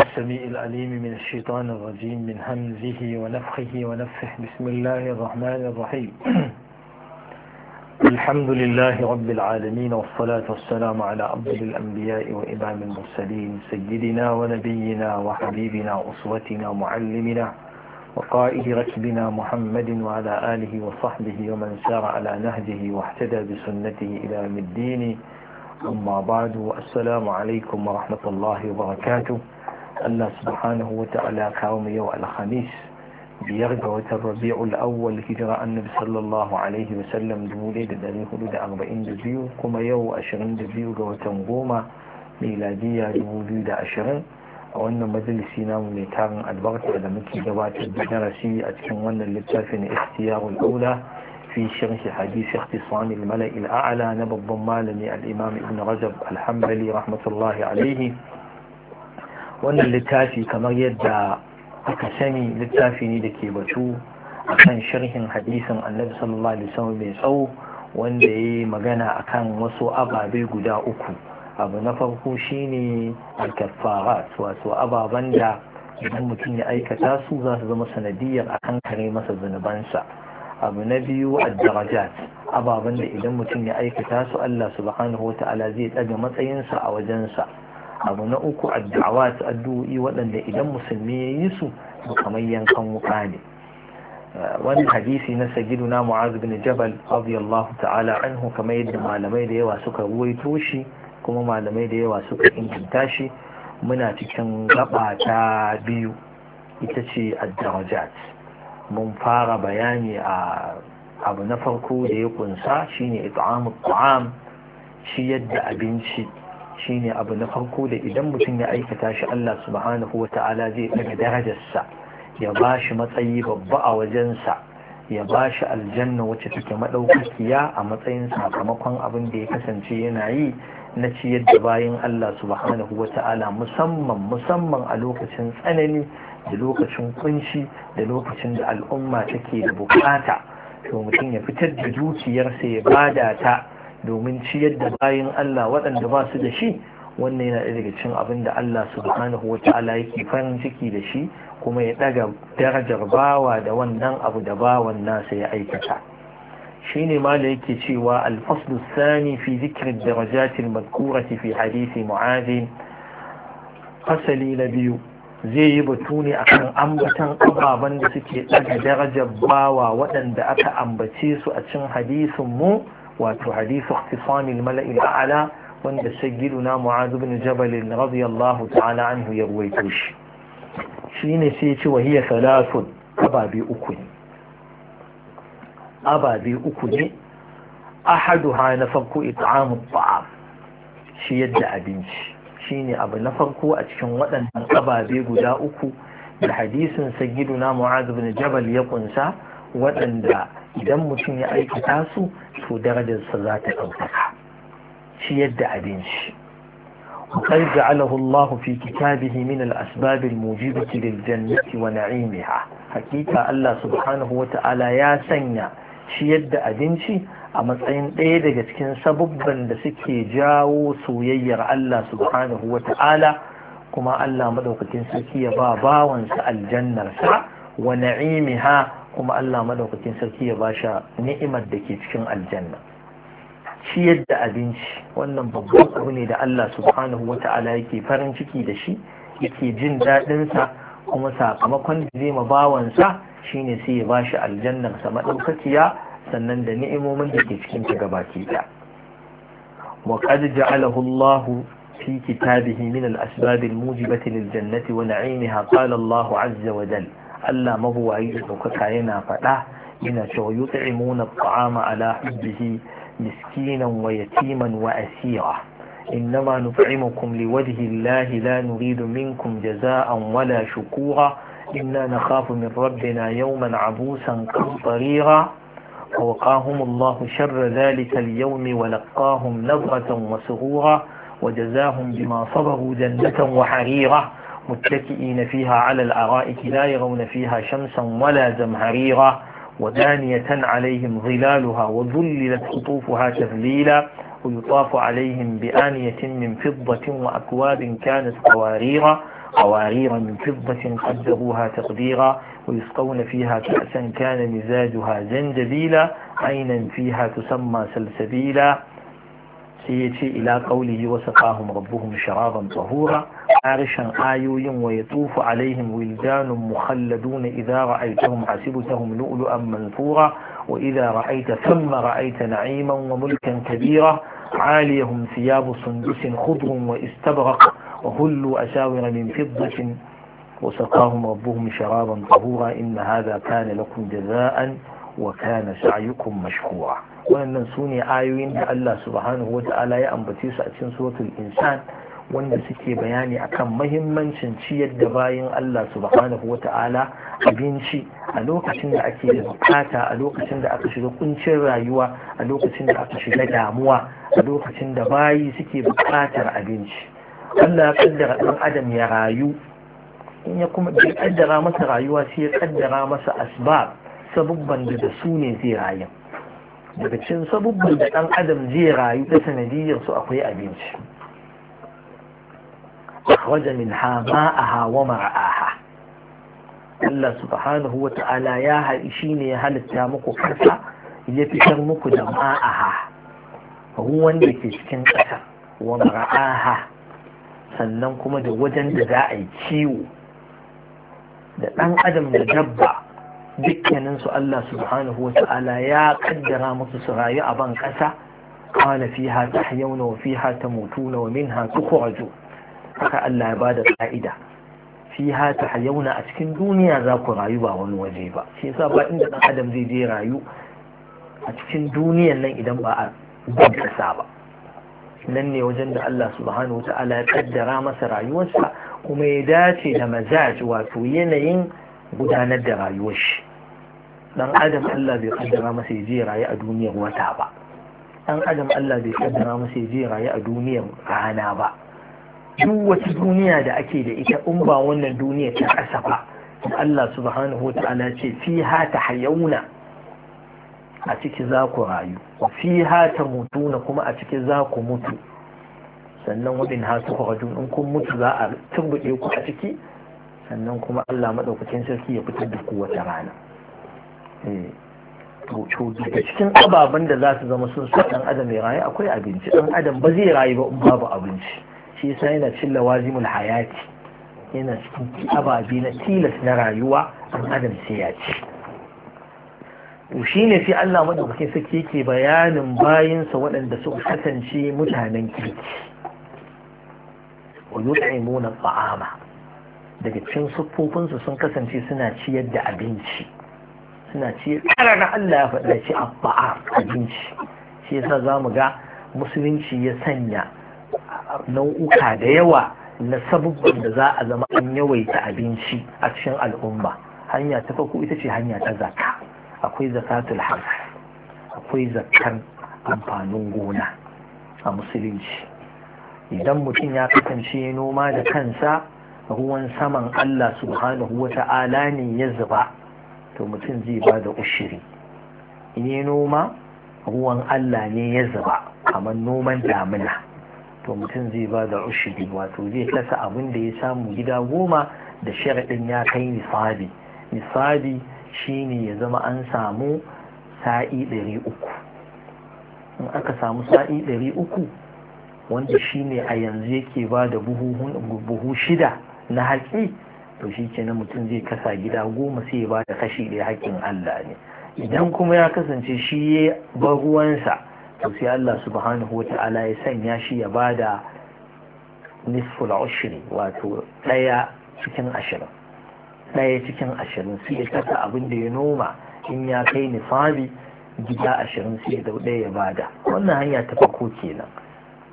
السميع العليم من الشيطان الرجيم من همزه ونفخه ونفخه بسم الله الرحمن الرحيم الحمد لله رب العالمين والصلاة والسلام على عبد الأنبياء وإمام المرسلين سيدنا ونبينا وحبيبنا أسوتنا معلمنا وقائد ركبنا محمد وعلى آله وصحبه ومن سار على نهجه واحتدى بسنته إلى الدين أما بعد السلام عليكم ورحمة الله وبركاته Allah subhanahu wa ta'ala kawo mu yau alhamis biyar ga watan rabi'ul awwal hijira annabi sallallahu alaihi wa wasallam 1442 kuma yau 22 ga watan goma miladiya 2020 a wannan majalisi namu mai tarin albarka da muke gabatar da darasi a cikin wannan littafin ikhtiyarul aula في شرح حديث اختصام الملأ الأعلى نبض ضمالني الإمام ابن رجب الحنبلي رحمة الله عليه wannan littafi kamar yadda aka sani littafi ne da ke batu a kan sharhin hadisin annabi sallallahu alaihi wasallam mai tsawo wanda ya yi magana a kan wasu ababe guda uku abu na farko shine alkafarat wato ababen da idan mutum ya aikata su za su zama sanadiyar a kan kare masa zunubansa abu na biyu a darajat ababen da idan mutum ya aikata su allah subhanahu wa ta'ala zai ɗaga matsayinsa a wajensa abu na uku addu'awa su addu'o'i waɗanda idan musulmi ya yi su kamar yankan wuka ne wani hadisi na na mu'az bin jabal radiyallahu ta'ala anhu kamar yadda malamai da yawa suka ruwaito shi kuma malamai da yawa suka inganta shi muna cikin gaba ta biyu ita ce ad-darajat mun fara bayani a abu na farko da ya kunsa shine it'amu ta'am shi yadda abinci shine abu na farko da idan mutum ya aikata shi Allah subhanahu wa ta'ala zai daga darajarsa ya ba shi matsayi babba a wajensa ya ba shi aljanna wacce take maɗaukakiya, a matsayin sakamakon abin da ya kasance yana yi na ciyar da bayan Allah subhanahu wa ta'ala musamman musamman a lokacin tsanani da lokacin kunshi da lokacin da al'umma take da bukata to mutum ya fitar da dukiyarsa ya bada ta domin ciyar da bayan Allah waɗanda ba su da shi wannan yana daga cin abin da Allah subhanahu wa ta'ala yake farin ciki da shi kuma ya ɗaga darajar bawa da wannan abu da bawan nasa ya aikata shine ma da yake cewa al-faslu thani fi dhikr ad-darajat al fi hadisi mu'adh fasali na biyu zai yi batu ne akan ambatan ababen da suke ɗaga darajar bawa waɗanda aka ambace su a cin hadisin mu wato hadisu ikhtisamil mala'il a'la wanda sayyiduna mu'adh ibn jabal radiyallahu ta'ala anhu ya ruwaito shi shine sai ya ce wa hiya thalathun ababe uku ne ababe uku ne ha na farko it'amu ta'am shi yadda abinci shine abu na farko a cikin waɗannan ababe guda uku da hadisin sayyiduna mu'adh ibn jabal ya kunsa waɗanda idan mutum ya aikata su to darajarsa za ta ɗaukaka ciyar da abinci وقد جعله الله في كتابه من الأسباب الموجبة للجنة ونعيمها حقيقة الله سبحانه وتعالى يا سنة شيد أدنشي أما تأين إيدا جتكين سببا لسكي جاو سوير الله سبحانه وتعالى كما الله مدوك تنسكي بابا وانسأل الجنة ونعيمها kuma Allah madaukakin sarki ya ba sha ni'imar da ke cikin aljanna ciyar da abinci wannan babban abu ne da Allah subhanahu wa ta'ala yake farin ciki da shi yake jin daɗinsa kuma sakamakon da zai ma bawansa shine sai ya ba shi aljannar sa madaukakiya sannan da ni'imomin da ke cikin ta gabaki ɗaya wa qad ja'alahu Allahu al mujibati lil jannati wa na'imiha ونعيمها قال Azza wa وجل Allah mabuwayi da ɗaukaka yana faɗa yana cewa yut'imuna at'ama ala hubbihi miskinan wa yatiman wa asira إنما نطعمكم لوجه الله لا نريد منكم جزاء ولا شكورا إنا نخاف من ربنا يوما عبوسا قمطريرا ووقاهم الله شر ذلك اليوم ولقاهم نظرة وسرورا وجزاهم بما صبروا جنة وحريرا متكئين فيها على الأرائك لا يرون فيها شمسا ولا زمهريرا ودانية عليهم ظلالها وذللت قطوفها تذليلا ويطاف عليهم بآنية من فضة وأكواب كانت قواريرا قوارير من فضة قدروها تقديرا ويسقون فيها كأسا كان مزاجها زنجبيلا عينا فيها تسمى سلسبيلا سيتي إلى قوله وسقاهم ربهم شرابا طهورا عرشاً آيوين ويطوف عليهم ولدان مخلدون إذا رأيتهم حسبتهم لؤلؤا منثورا وإذا رأيت ثم رأيت نعيما وملكا كبيرا عاليهم ثياب سندس خضر واستبرق وهلوا أساور من فضة وسقاهم ربهم شرابا طهورا إن هذا كان لكم جزاء وكان سعيكم مشكورا وأن ننسوني آيوين الله سبحانه وتعالى يأنبتيس أتنسوة الإنسان wanda suke bayani akan mahimmancin ciyar da bayan Allah subhanahu wa ta'ala abinci a lokacin da ake da bukata a lokacin da aka shiga kuncin rayuwa a lokacin da aka shiga damuwa a lokacin da bayi suke bukatar abinci Allah ya kaddara ɗan adam ya rayu in ya kuma bai kaddara masa rayuwa sai ya kaddara masa asbab sabubban da da su ne zai rayu daga cikin sabubban da ɗan adam zai rayu ta sanadiyar su akwai abinci أخرج منها ماءها ومرعاها Allah subhanahu wa ta'ala ya haɗi shi ne ya halitta muku ƙasa ya fitar muku da ma'aha ruwan da ke cikin ƙasa wa mara'aha sannan kuma da wajen da za a yi ciwo da ɗan adam da dabba dukkaninsu Allah subhanahu wa ta'ala ya ƙaddara musu su rayu a ban ƙasa kana fiha tahyawna wa fiha tamutuna wa minha tukhrajun haka Allah ya bada ka'ida ta hayauna a cikin duniya za ku rayu ba wani waje ba shi yasa ba inda dan adam zai je rayu a cikin duniyan nan idan ba a gaggasa ba nan ne wajen da Allah subhanahu wata'ala ya kaddara masa rayuwarsa kuma ya dace da mazaj wato yanayin gudanar da rayuwar shi dan adam Allah bai kaddara masa ya je rayu a duniyar wata ba dan adam Allah bai kaddara masa ya je rayu a duniyar rana ba duk wata duniya da ake da ita in ba wannan duniya ta ƙasa ba Allah subhanahu wa ta'ala ce ta hayauna a ciki za ku rayu ha ta mutuna kuma a ciki za ku mutu sannan wadin ha su kwarajun in kun mutu za a turbuɗe ku a ciki sannan kuma Allah maɗaukacin sarki ya fitar da ku wata rana eh, to daga cikin ababen da za su zama sun sa ɗan adam ya rayu akwai abinci ɗan adam ba zai rayu ba in babu abinci shi yasa yana cin lawazimul hayati yana cikin ababe na tilas na rayuwa an adam sai ya ci to shine sai Allah madaukakin sake yake bayanin sa waɗanda suka kasance mutanen kirki wa yut'imuna ta'ama daga cikin su sun kasance suna ciyar da abinci suna ciyar da ƙararra Allah ya faɗa ci abba abinci shi yasa za ga musulunci ya sanya nau'uka da yawa na sabubban da za a zama an yawaita abinci a cikin al'umma hanya ta farko ita ce hanya ta zaka akwai zakatul hamsa akwai zakan amfanin gona a musulunci idan mutum ya kasance noma da kansa ruwan saman Allah subhanahu wa ta'ala ne ya zuba to mutum zai ba da ushiri in noma ruwan Allah ne ya zuba kamar noman damina to mutum zai ba da ushidi wato zai kasa abin da ya samu gida goma da sharaɗin ya kai nisabi nisabi shine ya zama an samu sa'i ɗari uku in aka samu sa'i ɗari uku wanda shine a yanzu yake ba da buhu shida na haƙi to shi ke kenan mutum zai kasa gida goma sai ya ba da kashi ɗaya haƙƙin Allah ne idan kuma ya kasance shi ya bar ruwansa to sai Allah subhanahu wata'ala ya sanya shi ya bada nisful ushri wato daya cikin ashirin daya cikin ashirin sai ya kasa abin da ya noma in ya kai nisabi gida ashirin sai da ɗaya ya bada wannan hanya ta farko kenan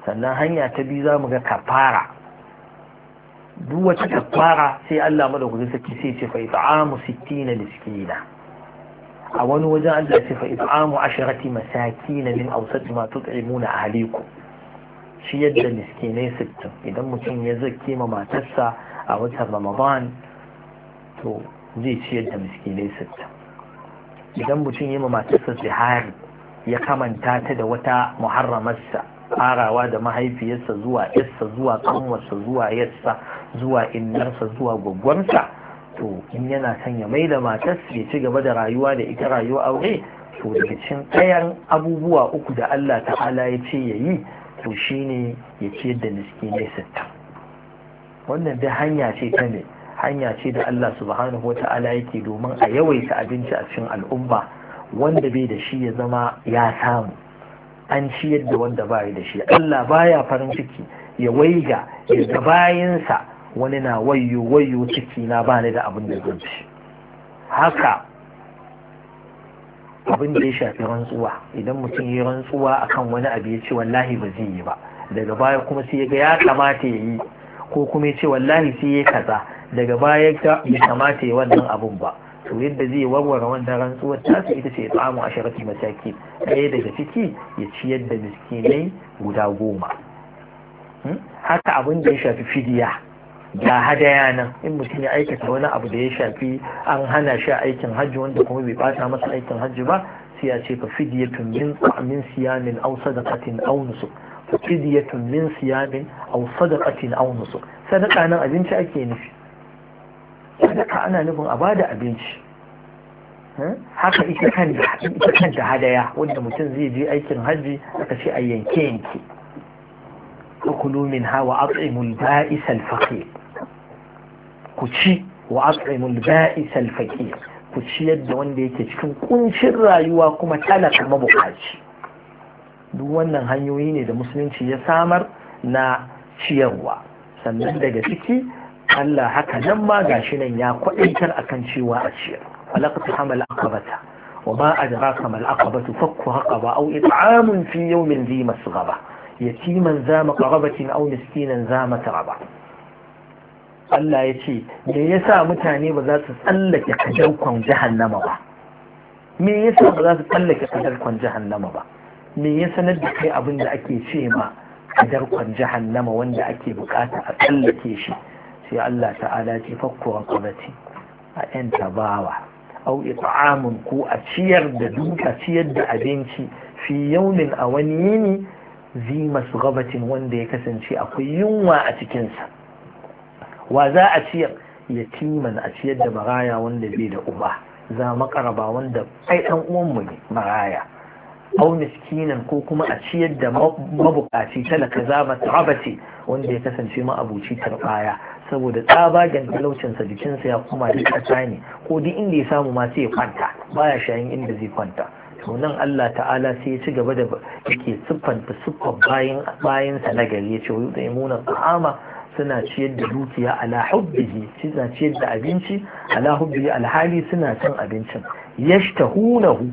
sannan hanya ta biyu za mu ga kafara duk wata kafara sai Allah madaukakin sarki sai ce fa it'amu sittina miskina a wani wajen Allah ya sifa it'amu asharati masakin min awsati ma tut'imuna ahlikum shi yadda miskinai sittin idan mutum ya zake ma matarsa a watan Ramadan to zai ci yadda miskinai sittin idan mutum ya ma matarsa zihari ya kamanta ta da wata muharramarsa farawa da mahaifiyarsa zuwa yarsa zuwa kanwarsa zuwa yarsa zuwa innarsa zuwa gwaggwarsa to in yana son ya mai da matar ya ci gaba da rayuwa da ita rayuwa aure to daga cikin ɗayan abubuwa uku da Allah ta'ala ya ce ya yi to shine ya ciyar da mai sittin wannan dai hanya ce ta ne hanya ce da Allah subhanahu wa ta'ala yake domin a yawaita abinci a cikin al'umma wanda bai da shi ya zama ya samu an ciyar da wanda bai da shi Allah baya farin ciki ya waiga ya ga bayansa wani na wayo wayo ciki na bani da abin da zan ci haka abin da ya shafi rantsuwa idan mutum ya yi rantsuwa akan wani abu ya ce wallahi ba zai yi ba daga baya kuma sai ga ya kamata ya yi ko kuma ya ce wallahi sai ya kaza daga baya ya kamata ya wannan abun ba to yadda zai warware wannan rantsuwar tasu ita ce tsamu a sharafi mataki ɗaya daga ciki ya ciyar da miskinai guda goma hmm? haka abin da ya shafi fidiya ga hadaya nan in mutum ya aikata wani abu da ya shafi an hana shi aikin hajji wanda kuma bai bata masa aikin hajji ba sai ya ce fa fidyatun min min siyamin sadaqatin min siyamin aw sadaqatin aw nusuk sadaka nan abinci ake nufi sadaka ana nufin a bada abinci hmm? haka ita kanta ita da hadaya wanda mutum zai je aikin hajji aka ce a yanke yanke kulu min hawa at'imul ba'is al-faqir ku ci wa at'imul ba'is al faqir ku ciyar da wanda yake cikin kuncin rayuwa kuma talaka mabukaci duk wannan hanyoyi ne da musulunci ya samar na ciyarwa sannan daga ciki Allah haka nan ma gashi nan ya a akan cewa a ciyar falaqtu hamal aqabata wa ma adraka mal aqabatu fakku haqaba aw it'amun fi yawmin dhi masghaba yatiman za maqrabatin aw miskinan za raba. Allah ya ce me yasa mutane ba za su tsallake kadarkon jahannama ba me yasa ba za su tsallake kadarkon jahannama ba me ya sanar da kai abin da ake ce ma kadarkon jahannama wanda ake bukata a tsallake shi sai Allah ta'ala ce fakko raqabati a yan tabawa au it'amun ko a ciyar da duka ciyar da abinci fi yaumin a wani yini zima masu gabatin wanda ya kasance akwai yunwa a cikinsa wa za a ciyar yatiman a ciyar da maraya wanda bai da uba za makaraba wanda ai dan mu ne maraya au miskinan ko kuma a ciyar da mabukaci talaka za tabati wanda ya kasance ma abuci tarbaya saboda tsabagen talaucinsa jikinsa ya kuma da kasa ne ko duk inda ya samu ma sai ya kwanta baya shayin inda zai kwanta to nan Allah ta'ala sai ya ci gaba da yake siffanta siffar bayan sa na gari ya ce wa yuɗe muna ta'ama suna ciyar da dukiya ala hubbihi suna ciyar da abinci ala hubbihi alhali suna cin abincin yashtahunahu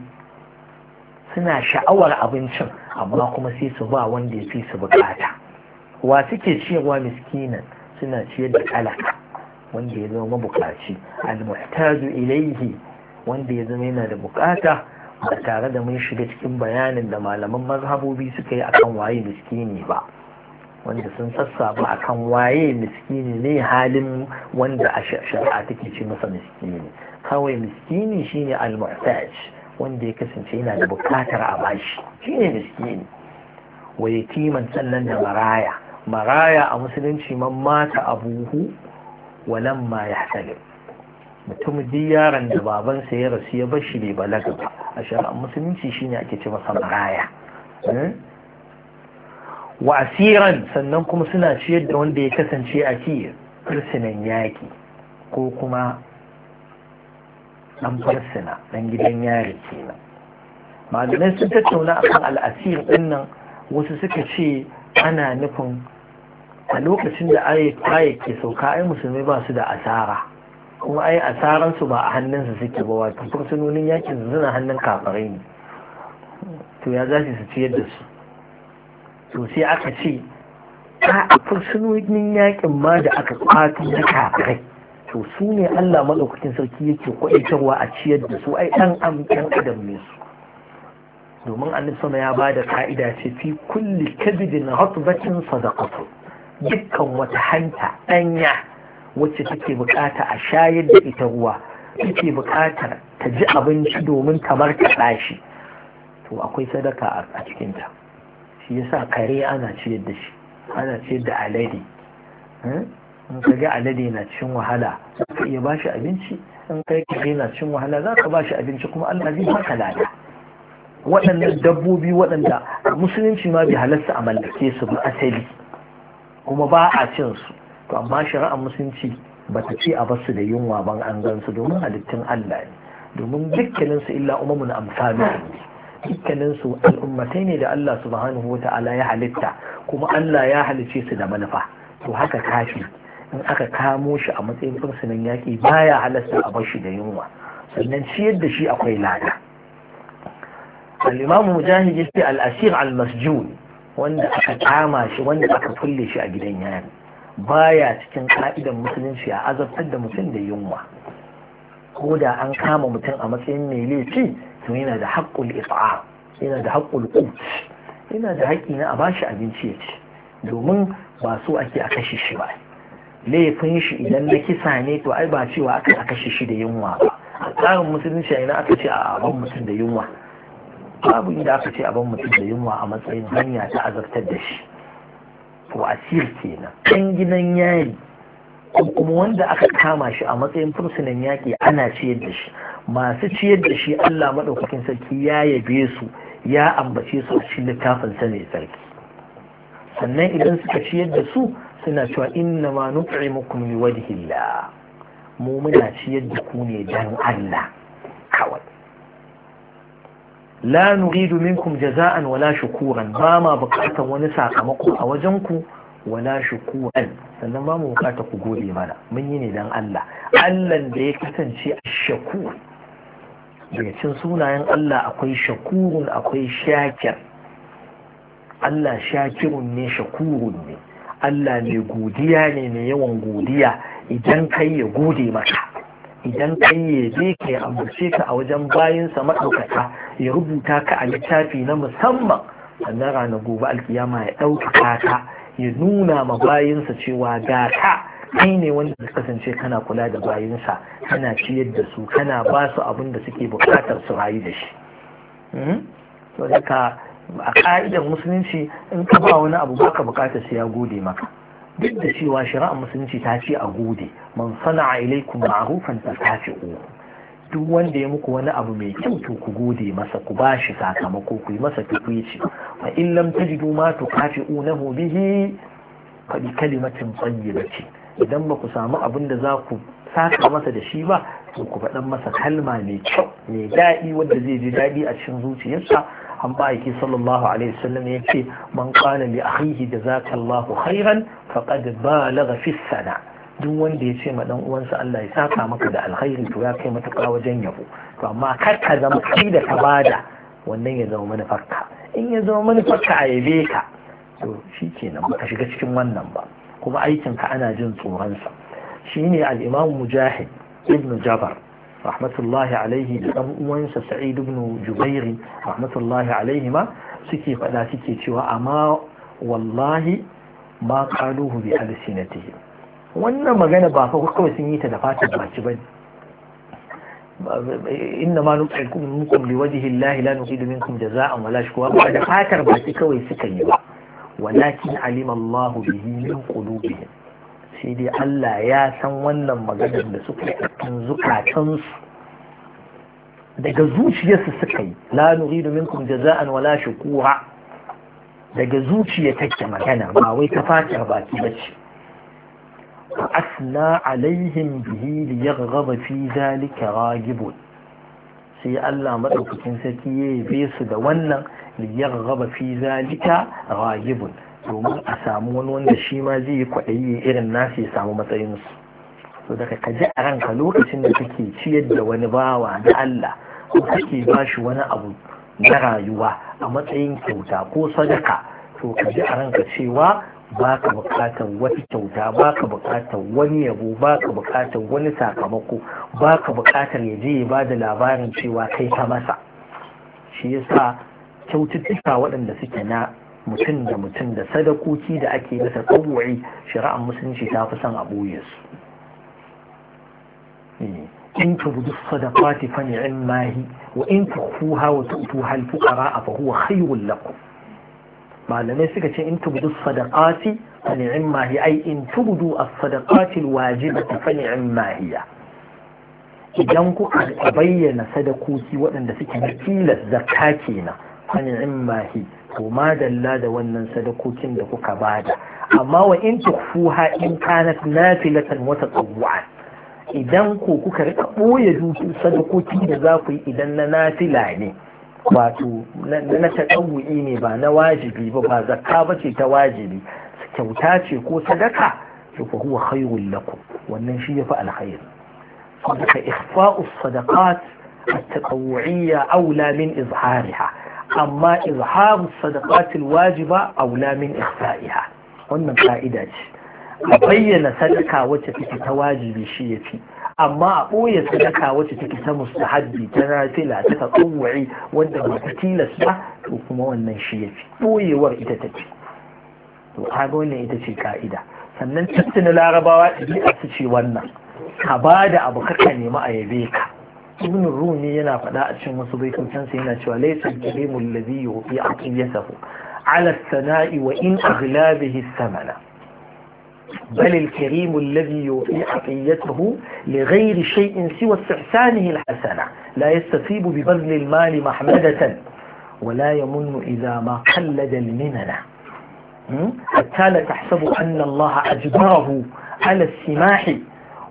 suna sha'awar abincin amma kuma sai su ba wanda ya fi su bukata wa suke ciyarwa miskinan suna ciyar da talaka wanda ya zama bukaci almuhtaju ilaihi wanda ya zama yana da bukata ba tare da mun shiga cikin bayanin da malaman mazhabobi suka yi akan waye miskini ba wanda sun sassaba a kan waye miskini ne halin wanda a shari'a take ce masa miskini kawai miskini shine al wanda ya kasance yana da bukatar a bashi shine miskini wa yatiman sannan da maraya maraya a musulunci man mata abuhu walan ma yahtalib mutum duk yaron da babansa ya rasu ya bashi bai balaga ba a shari'a musulunci shine ake ce masa maraya hmm? wa asiran sannan kuma suna ciyar da wanda ya kasance a ke fursunan yaƙi ko kuma ɗan fursuna ɗan gidan yari kenan malamai sun tattauna akan al'asir ɗin wasu suka ce ana nufin a lokacin da ayyukai ke sauka ai musulmi ba su da asara kuma ai asaransu ba a hannunsu suke ba wato fursunonin yakin suna hannun kafarai ne to ya za su ciyar da su to sai aka ce a fursunonin yakin ma da aka kwato na kai. to su ne Allah maɗaukakin sarki yake kwaɗaitarwa a ciyar da su ai ɗan amɗan adam ne su domin an sama ya bada ka'ida ce fi kulli kabidin hatbatin sadaqatu dukkan wata hanta ɗanya wacce take bukata a shayar da ita ruwa take bukatar ta ji abinci domin kamar ta shi to akwai sadaka a cikinta shi yasa kare ana ciyar da shi ana ciyar da alade hmm? in ka ga alade na cin wahala ka iya ba shi abinci in kai kare na cin wahala za ka ba shi abinci kuma Allah zai baka lada waɗannan dabbobi waɗanda musulunci ma bai halarta a mallake su ba asali kuma ba a cin su to amma shari'ar musulunci ba ta ce a basu da yunwa ban an gan su domin halittun Allah ne domin dukkaninsu illa umamun amsalu dukkaninsu al'ummatai ne da Allah subhanahu wa ta'ala ya halitta kuma Allah ya halice su da manufa to haka kafi in aka kamo shi a matsayin fursunan yaƙi baya halasta a bar shi da yunwa sannan ciyar da shi akwai lada al'imamu mujahid ya al al'ashir al-masjun wanda aka kama shi wanda aka kulle shi a gidan yari baya cikin ka'idan musulunci a azabtar da mutum da yunwa ko da an kama mutum a matsayin mai laifi to yana da haƙƙul it'am yana da haƙƙul yana da haƙƙi na a ba shi abinci ya ci domin ba so ake a kashe shi ba laifin shi idan na kisa ne to ai ba cewa aka a kashe shi da yunwa ba a tsarin musulunci a ina aka ce a ban mutum da yunwa babu inda aka ce a ban mutum da yunwa a matsayin hanya ta azabtar da shi to asir kenan ɗan gidan yari kuma wanda aka kama shi a matsayin fursunan yaƙi ana ciyar da shi masu ciyar da shi Allah maɗaukakin sarki ya yabe su ya ambace su a cikin littafin sa mai sarki sannan idan suka ciyar da su suna cewa inna ma nut'imukum liwajhillah mu muna ciyar da ku ne dan Allah kawai la nuridu minkum jaza'an wala shukuran ba ma bukatar wani sakamako a wajen ku wala shukuran sannan ba mu bukata ku gode mana mun yi ne dan Allah Allah da ya kasance a shakur daga cin sunayen Allah akwai shakurun akwai shakir Allah shakirun ne shakurun ne Allah mai godiya ne mai yawan godiya idan kai ya gode maka idan kai ya je ka ya ambace ka a wajen bayinsa maɗaukaka ya rubuta ka a littafi na musamman sannan ranar gobe alkiyama ya ɗaukaka ka ya nuna ma sa cewa ga ka kai ne wanda ka kasance kana kula da bayinsa kana ciyar da su kana ba su abin da suke bukatar su rayu da shi hmm? to daga a ka'idar musulunci in ka ba wani abu baka bukatar su ya gode maka duk da cewa shari'ar musulunci ta ce a gode man sana'a ilaikum ma'rufan uku. duk wanda ya muku wani abu mai kyau to ku gode masa ku bashi sakamako ku yi masa tukwici fa in lam tajidu ma tukafi'unahu bihi fa bi kalimatin tayyibati idan ba ku samu abin da za ku saka masa da shi ba to ku faɗan masa kalma mai kyau mai daɗi wanda zai ji daɗi a cikin zuciyarsa an ba yake sallallahu alaihi wasallam ya ce man qala li akhihi jazakallahu khairan faqad balagha fi sana duk wanda ya ce ma dan uwansa Allah ya saka maka da alkhairi to ya kai matuƙa wajen yabo to amma kar ka zama kai da ka bada wannan ya zama manufarka in ya zama manufarka a yabe ka to shikenan ba ka shiga cikin wannan ba kuma aikinka ana jin tsoronsa shi ne al'imam mujahid ibn jabar rahmatullahi alaihi da ɗan uwansa sa'id ibn jubairi rahmatullahi alaihi ma suke faɗa suke cewa amma wallahi ma kaluhu bi alsinatihi wannan magana ba fa kawai sun yi ta da fatan baki bane inna ma nuqikum minkum liwajhi llahi la nuqidu minkum jaza'an wala shukwa ba da fatar baki kawai suka yi ba walakin alima Allah bihi min qulubihim sai dai Allah ya san wannan maganar da suka yi kan daga zuciyarsu suka yi la nuridu minkum jaza'an wala shukura daga zuciya take magana ba wai ta fatar baki bace asna alaihim bihi liyaghaba fi zalika ragibun sai Allah madaukakin sarki ya su da wannan raba fi zalika ragibin domin a samu wani wanda shi ma zai yi kwaɗayi irin nasu ya samu matsayinsu to daga ka ji a ranka lokacin da kake ciyar da wani bawa na Allah ko kake ba shi wani abu na rayuwa a matsayin kyauta ko sadaka to ka ji a ranka cewa ba ka bukatar wata kyauta ba ka bukatar wani yabo ba ka bukatar wani sakamako ba ka bukatar ya je ya ba da labarin cewa kai ta masa shi yasa kyaututtuka waɗanda suke na mutum da mutum da sadakoki da ake bisa tsawuri shari'ar musulunci ta fi son a ɓoye su eh, in tubdu sadakati fani-in mahi wa in tukhuha wa tu'tuha al-fuqara fa huwa khayrun lakum malamai suka ce in tubdu sadakati fani-in mahi ai in tubdu as-sadaqati wajiba ta fani-in mahiya idan kuka bayyana sadakoki waɗanda suke na tilas zakka kenan an immahi to ma dalla da wannan sadakokin da kuka bada amma wa in tukfuha in kanat nafilatan wa tatawwu'an idan ku kuka rika boye dukin sadakoki da za ku yi idan na nafila ne wato na tatawwu'i ne ba na wajibi ba ba zakka ba ce ta wajibi kyauta ce ko sadaka to fa huwa khayrun lakum wannan shi yafi alkhair sadaka ikhfa'us sadaqat التطوعية أولى من إظهارها amma izharu sadaqatil wajiba aula min ihsa'iha wannan ka'ida ce a bayyana sadaka wacce take ta wajibi shi yafi amma a ɓoye sadaka wacce take ta mustahabbi ta nafila ta tsawwai wanda ba ta tilasta, to kuma wannan shi yafi ɓoyewar ita take to kaga wannan ita ce ka'ida sannan tattuna larabawa ɗabi'a su ce wannan ka ba da abu kaka nemi a yabe ka ibn rumi yana faɗa a cikin wasu baitocinsa yana cewa laysa al-karimu alladhi aqiyatahu ala sanai wa in aghlabihi samana بل الكريم الذي يعطي عطيته لغير شيء سوى استحسانه الحسنة لا يستثيب ببذل المال محمدة ولا يمن إذا ما قلد المنن حتى لا تحسب أن الله أجبره على السماح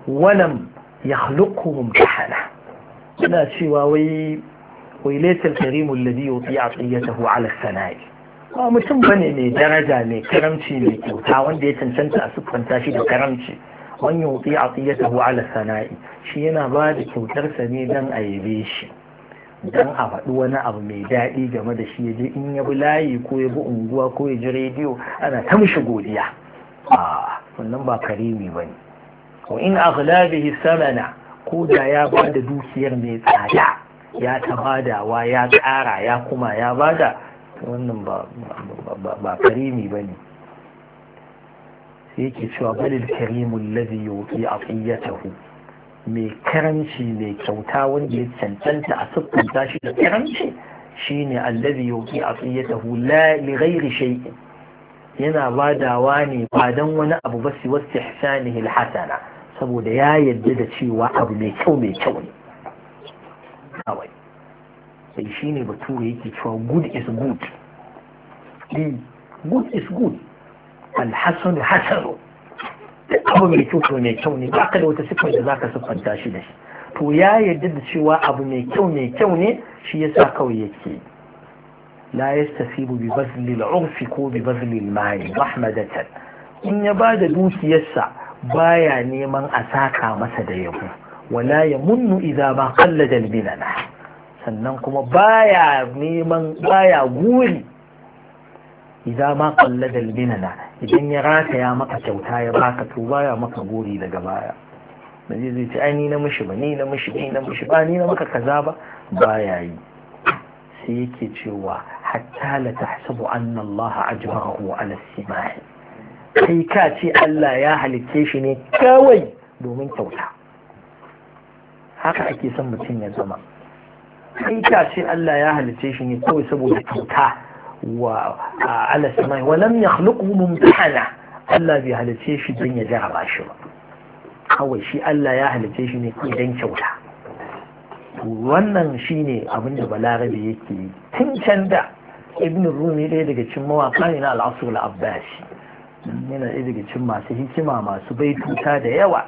ولم يخلقه ممتحنه suna cewa wai wai laysal karimu alladhi yuti atiyatahu ala sana'i ba mutum ba ne mai daraja mai karamci mai kyauta wanda ya cancanta a sukwanta shi da karamci wani yuti atiyatahu ala sana'i shi yana ba da kyautarsa ne don a yabe shi Don a faɗi wani abu mai daɗi game da shi yaje in ya bi layi ko ya bi unguwa ko ya ji rediyo ana ta mishi godiya a wannan ba karimi bane wa in aghlabihi samana ko da ya ba da dukiyar mai tsada ya ta badawa ya ƙara ya kuma ya bada wannan ba karimi ba ne sai yake cewa balil karimun lazi yoki a ƙiyatahu mai karanci mai kyauta wanda ya cancanta a sukkunta shi da karanci shine allazi yoki a ƙiyatahu la li yana badawa ne ba don wani abu ba si wasu ihsanihi alhasana saboda ya yadda da cewa abu mai kyau mai kyau ne kawai sai shi ne bature yake cewa good is good eh, good is good alhassanu hassanu abu mai kyau to mai kyau ne ba ka da wata siffar da za ka siffanta shi da shi to ya yadda da cewa abu mai kyau mai kyau ne shi yasa kawai yake la yastasibu bi bazli al-urfi ko bi bazli al-mali rahmadatan in ya bada dukiyarsa baya neman a saka masa da yabo wala ya munnu idza ma qalla jalbilana sannan kuma baya neman baya guri idza ma qalla jalbilana idan ya ya maka kyauta ya baka to baya maka gori daga baya ba zai zai ce ai ni na mushi ba ni na mushi ni na mushi ba ni na maka kaza ba baya yi sai yake cewa hatta la tahsabu anna Allah ajma'ahu ala simai kai ka ce Allah ya halicce shi ne kawai domin kyauta haka ake son mutum ya zama kai ka ce Allah ya halicce shi ne kawai saboda kyauta wa ala samai wa lam yakhluqu mumtahana Allah bai halicce shi don ya jaraba shi ba kawai shi Allah ya halicce shi ne idan kyauta wannan shine abin da balarabe yake tun can da ibn rumi ɗaya daga cikin mawaƙa ne na al'asul abbasi yana ɗaya masu hikima masu baituta da yawa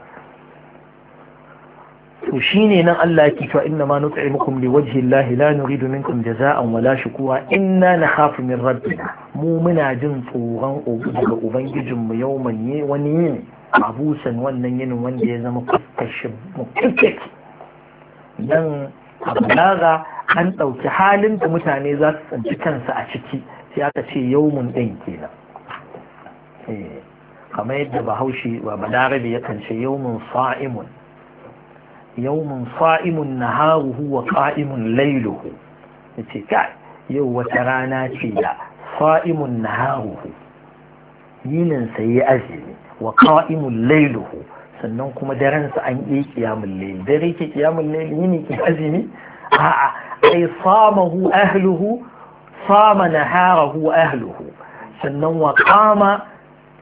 to shine nan Allah yake cewa inna ma nut'imukum liwajhi Allah la nuridu minkum jaza'an wala shukura inna nakhafu min rabbina mu muna jin tsoron daga ubangijin mu yawman ne wani yin abusan wannan yinin wanda ya zama kashi mukkik dan ablaga an dauki halin da mutane za su tsanci kansa a ciki sai aka ce yawmun din kenan Eh, kamar yadda bahaushe wa balarabe yakan ce yawmin sa'imun yawmin sa'imun naharuhu wa qa'imun lailuhu yace kai yau wata rana ce da sa'imun naharuhu yinin sa yi azumi wa qa'imun lailuhu sannan kuma daren sa an yi qiyamul layl dare ke qiyamul layl yini ke azumi a'a ai samahu ahluhu sama naharahu ahluhu sannan wa qama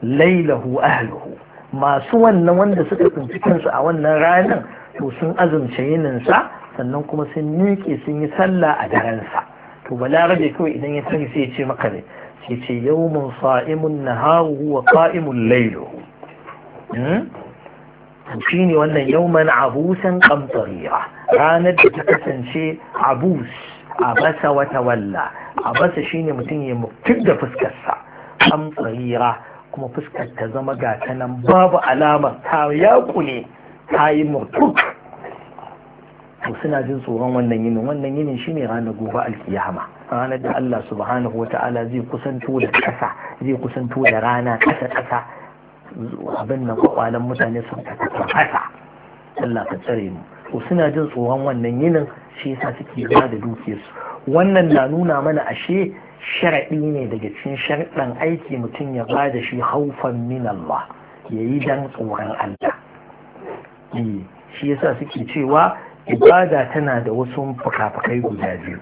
lailahu ahluhu masu wannan wanda suka tsinci kansu a wannan ranar to sun azumce yininsa sannan kuma sun miƙe sun yi sallah a darensa to balarabe kawai idan ya sani sai ya ce maka ne sai ce yawmun sa'imun naharuhu wa qa'imun lailuhu hmm? to shine wannan yawman abusan qamtarira ranar da ta kasance abus abasa wata walla abasa shine mutum ya mutu da fuskarsa qamtarira kuma fuskar ta zama gata nan babu alamar ta ne ta yi murtuk to suna jin tsoron wannan yinin wannan yinin shine ranar gobe alkiyama ranar da Allah subhanahu wata'ala zai kusanto da ƙasa zai kusanto da rana ƙasa ƙasa abin nan kwakwalen mutane sun ƙasa Allah ka tsare mu to suna jin tsoron wannan yinin shi yasa suke ba da dukiyarsu wannan na nuna mana ashe sharaɗi ne daga cikin sharɗan aiki mutum ya ba da shi haufan min Allah ya yi dan tsoron Allah e, shi yasa suke cewa ibada tana da wasu fuka-fukai guda biyu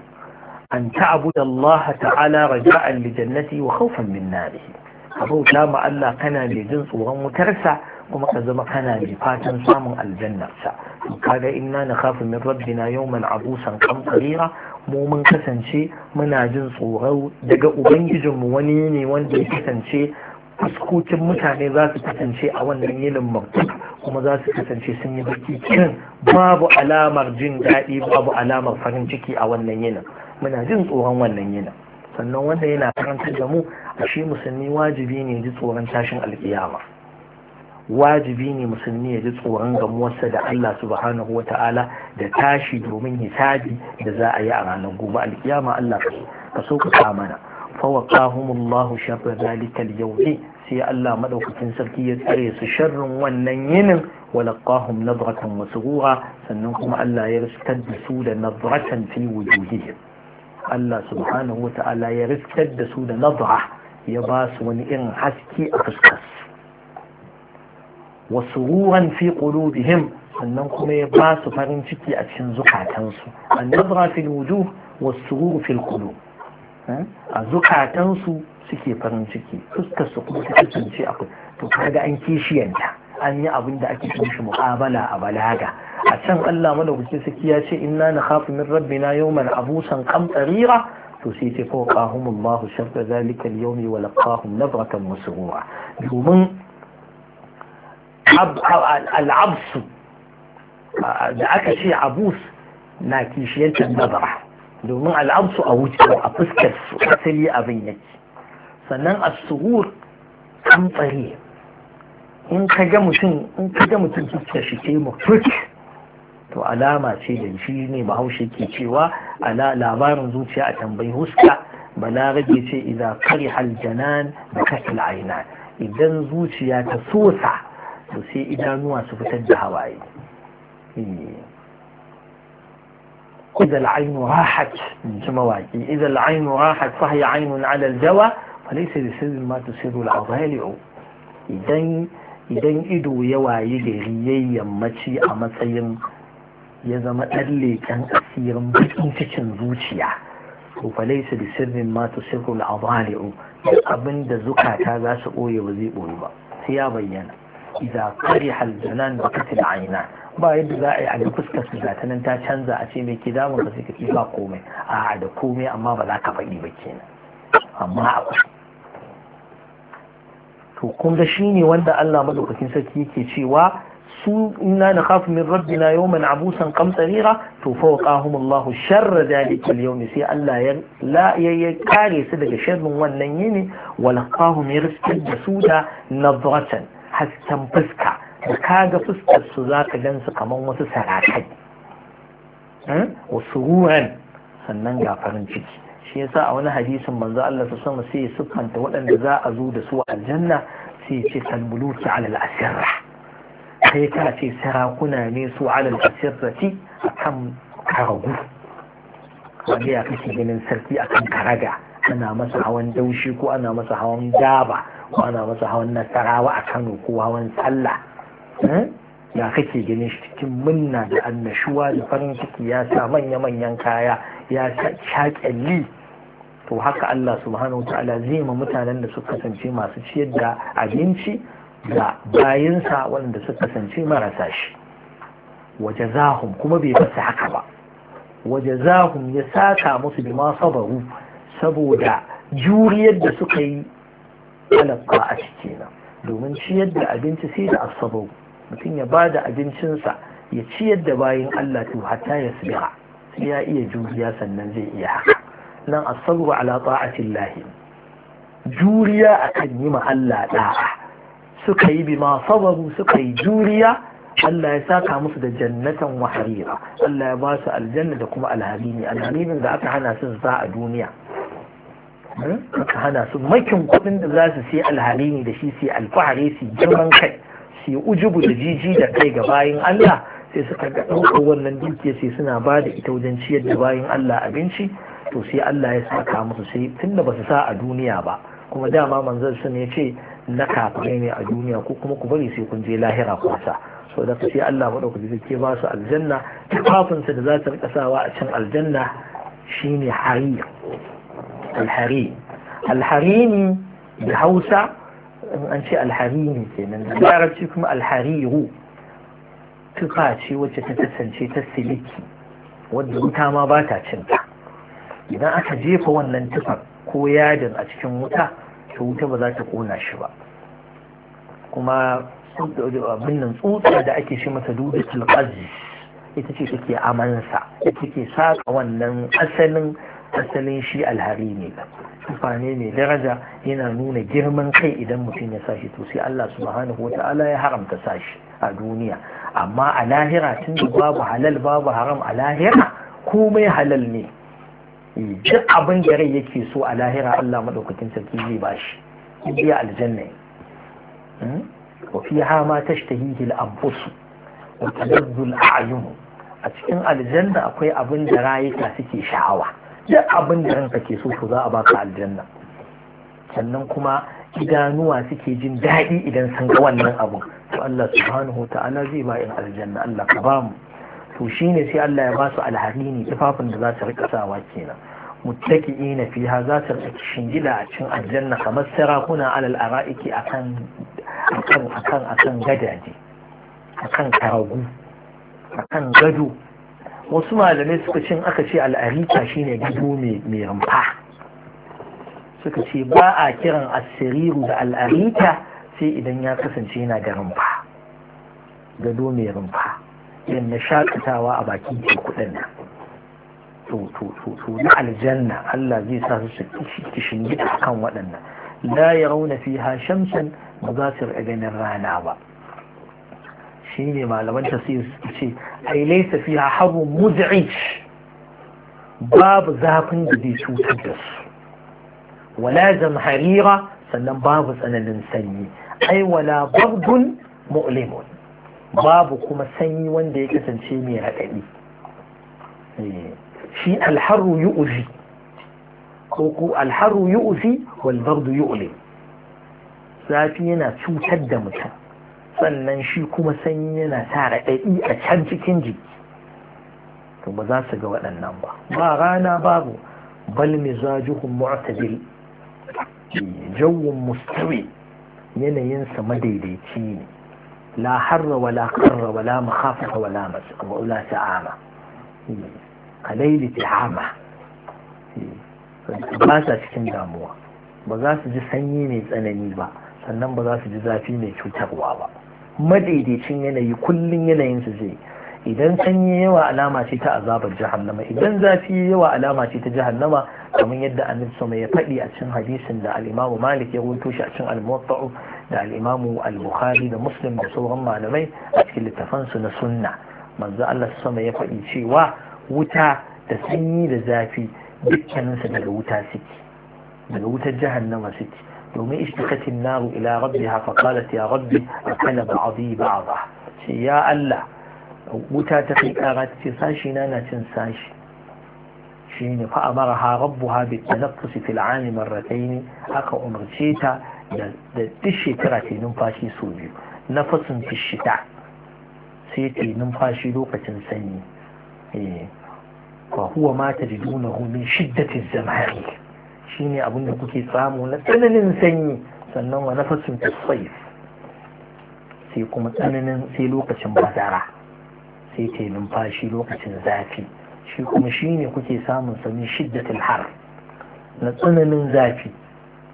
an ta'budu Allah ta'ala raja'an li jannati wa khawfan min narihi abauta ma Allah kana mai jin tsoron wutarsa kuma ka zama kana mai fatan samun aljannarsa kaga inna nakhafu min rabbina yawman abusan qamtarira mu mun kasance muna jin tsoro daga ubangijinmu wani ne wanda ya kasance fuskokin mutane za su kasance a wannan yinin maktuk kuma za su kasance sun yi baki babu alamar jin daɗi babu alamar farin ciki a wannan yinin muna jin tsoron wannan yinin sannan wanda yana karantar da mu a shi musulmi wajibi ne ji tsoron tashin alkiyama wajibi ne musulmi ya ji tsoron gamuwarsa da Allah subhanahu wa ta'ala da tashi domin hisabi da za a yi a ranar gobe alkiyama Allah ka so ka kamana fawaqahumullahu sharra zalika al-yawm sai Allah madaukakin sarki ya tsare su sharrin wannan yinin walaqahum nadratan wa surura sannan kuma Allah ya riskar da su da nadratan fi wujuhihim Allah subhanahu wa ta'ala ya riskar da su da nadra ya ba su wani irin haske a fuskarsu Wasu sururan fi qulubihim sannan kuma ya ba su farin ciki a cikin zukatansu an-nazra fil wujuh wa surur fil a zukatansu suke farin ciki fuskar su kuma suke tunce a to kaga an kishiyanta an yi abin da ake cin shi muqabala a balaga a can Allah madaukaki saki ya ce inna nakhafu min rabbina yawman abusan qamtarira to sai ce fawqahumullahu sharra zalika al-yawmi wa laqahum nabratan masrura domin al'absu da aka ce abus na kishiyantar nazara domin al'absu a wuce a fuskar asali abin yake sannan a suhur an tsare in ka ga mutum in ka ga mutum fuskar shi to alama ce da shi ne bahaushe ke cewa ala labarin zuciya a tambayi huska balarabe ce idan kari haljanan da kasil aina idan zuciya ta sosa to sai idanuwa su fitar da hawaye idan إذا العين راحت جمواكي إذا العين راحت فهي عين على الجوى فليس لسر ma تسر al إذن idan ido ya waye gari yayi yammaci a matsayin ya zama ɗan leken asirin bakin cikin zuciya to fa laysa bi sirrin ma tusirru al-adhali'u abinda zukata za su boye ba zai boye ba sai ya bayyana إذا قرح الجنان بكت العينان ba yadda za a yi a fuskar su ta nan ta canza a ce mai kida mun ba sai ka ba komai a da komai amma ba za ka faɗi ba kenan amma a to kun shi ne wanda Allah madaukakin sarki yake cewa su inna na khafu min rabbina yawman abusan qamtarira to fawqahum Allah sharra dalika al-yawm sai Allah ya la ya kare su daga sharrin wannan yini wa laqahum yarsul basuda nadratan hasken fuska da kaga fuskar su zaka su kamar wasu sarakai eh, wasu ruwan sannan ga farin ciki shi yasa a wani hadisin manzo Allah su sama sai ya siffanta waɗanda za a zo da su aljanna sai ce kalmuluki alal asirra sai ka ce sarakuna ne su alal asirrati akan karagu wanda ya kake ganin sarki akan karaga ana masa hawan daushi ko ana masa hawan daba ko ana masa hawan nasarawa a kano ko hawan sallah eh? ya kake ganin shi cikin munna da annashuwa da farin ciki ya sa manya-manyan kaya ya sha kyalli to haka Allah subhanahu ta'ala zai ma mutanen da suka kasance masu ciyar da abinci da bayansa waɗanda suka kasance marasa shi waje zahum kuma bai fasa haka ba waje zahum ya sata musu bima sabaru saboda juriyar da suka yi ala a cikina domin ciyar da abinci sai da asabau mutum ya ba da abincinsa ya ciyar da bayan Allah to hatta ya sabiha sai ya iya juriya sannan zai iya haka nan asabru ala lahi. juriya akan yi ma Allah da'a suka yi bima sabaru suka yi juriya Allah ya saka musu da jannatan wa harira Allah ya ba su aljanna da kuma alhamini alhaminin da aka hana sun za a duniya Hmm? hana su makin kuɗin da za su sai alhalini da shi sai alfahari su girman kai su ujubu da jiji da kai ga bayan Allah sai suka ga ɗaukar wannan dukiya sai suna ba da ita wajen ciyar da bayan Allah abinci to sai Allah ya saka musu sai tunda ba su sa a duniya ba kuma dama manzon sun ya ce na kafirai ne a duniya ko kuma ku bari sai kun je lahira kwasa so da sai Allah madaukaki zai ke ba su aljanna tufafinsa da za ta rika sawa a can aljanna shine harir alhari alharini da hausa an ce alharini kenan da larabci kuma alhariru tufa ce wacce ta kasance ta siliki wadda wuta ma ba ta cinta idan aka jefa wannan tufar ko yadin a cikin wuta to wuta ba za ta kona shi ba kuma abin nan tsutsa da ake shi masa dudu tulqazi ita ce take amansa ita take saka wannan asalin asalin shi alhari ne tufa ne mai daraja yana nuna girman kai idan mutum ya sashi to sai Allah subhanahu wa ta'ala ya haramta sashi a duniya amma a lahira tun da babu halal babu haram a lahira komai halal ne e, duk abin da rai yake so a lahira Allah madaukakin sarki zai bashi biya aljanna hmm? wa fiha ma tashtahihi al-anfus wa talazzu ayun a cikin aljanna akwai abin da rayuka suke sha'awa duk abin da ranka ke so to za a baka aljanna sannan kuma idanuwa suke jin daɗi idan sun ga wannan abu to Allah subhanahu wa ta'ala zai ba in aljanna Allah ka ba mu to shine sai Allah ya ba su ne tufafin da za su rika sawa kenan muttaqi'ina fiha za ta rika shingida a cikin aljanna kamar sarakuna alal ara'iki akan akan akan gadaje akan karagu akan gado wasu malamai suka cin aka ce al'arika shine gido mai rumfa suka ce ba a kiran asiriru da al'arika sai idan ya kasance yana da rumfa gado mai rumfa irin na shakatawa a bakin kudin nan to na aljanna Allah zai sa su su kishin gida kan waɗannan la rauna fi shamsan ba za su rana ba shi ne malaman tasiri suka ce ai laisa fiha harun muz'i babu zafin da zai cutar da su wala zamharira sannan babu tsananin sanyi ai wala bardun mu'limun babu kuma sanyi wanda ya kasance mai raɗaɗi eh, shi alharu yu'zi ko ku alharu yu'zi wal bardu yu'lim zafi yana cutar da mutum sannan shi kuma sanyi yana sa raɗaɗi a can cikin jiki to ba za su ga waɗannan ba ba rana babu bal mizajuhum mu'tadil jawun mustawi yanayinsa madaidaici ne la harra wala qarra wala makhafa wala masqa wala ta'ama kalaili ama. ba sa cikin damuwa ba za su ji sanyi mai tsanani ba sannan ba za su ji zafi mai cutarwa ba madaidaicin yanayi kullum su zai idan sanyi yawa alama ce ta azabar jahannama idan zafi yawa alama ce ta jahannama kamar yadda annabi sama ya faɗi a cikin hadisin da al Malik ya wuto shi a cikin al-Muwatta da al al-Bukhari da Muslim da sauran malamai a cikin littafan su na sunna manzo Allah sama ya faɗi cewa wuta da sanyi da zafi dukkaninsu daga wuta suke daga wutar jahannama suke يوم اشتكت النار إلى ربها فقالت يا ربي أكل بعضي بعضا يا الله متى تقيق أغاد تنساشي نانا تنساشي فأمرها ربها بالتنفس في العام مرتين أكا أمر شيتا دشي تراتي نمفاشي سوبيو نفس في الشتاء سيتي نمفاشي لوكا تنساني إيه. فهو ما تجدونه من شدة الزمهرير shine abin da kuke samu na tsananin sanyi sannan wani nafasin tasayif sai kuma tsananin sai lokacin bazara sai ke numfashi lokacin zafi shi kuma shine kuke samun sami shiddatul har na tsananin zafi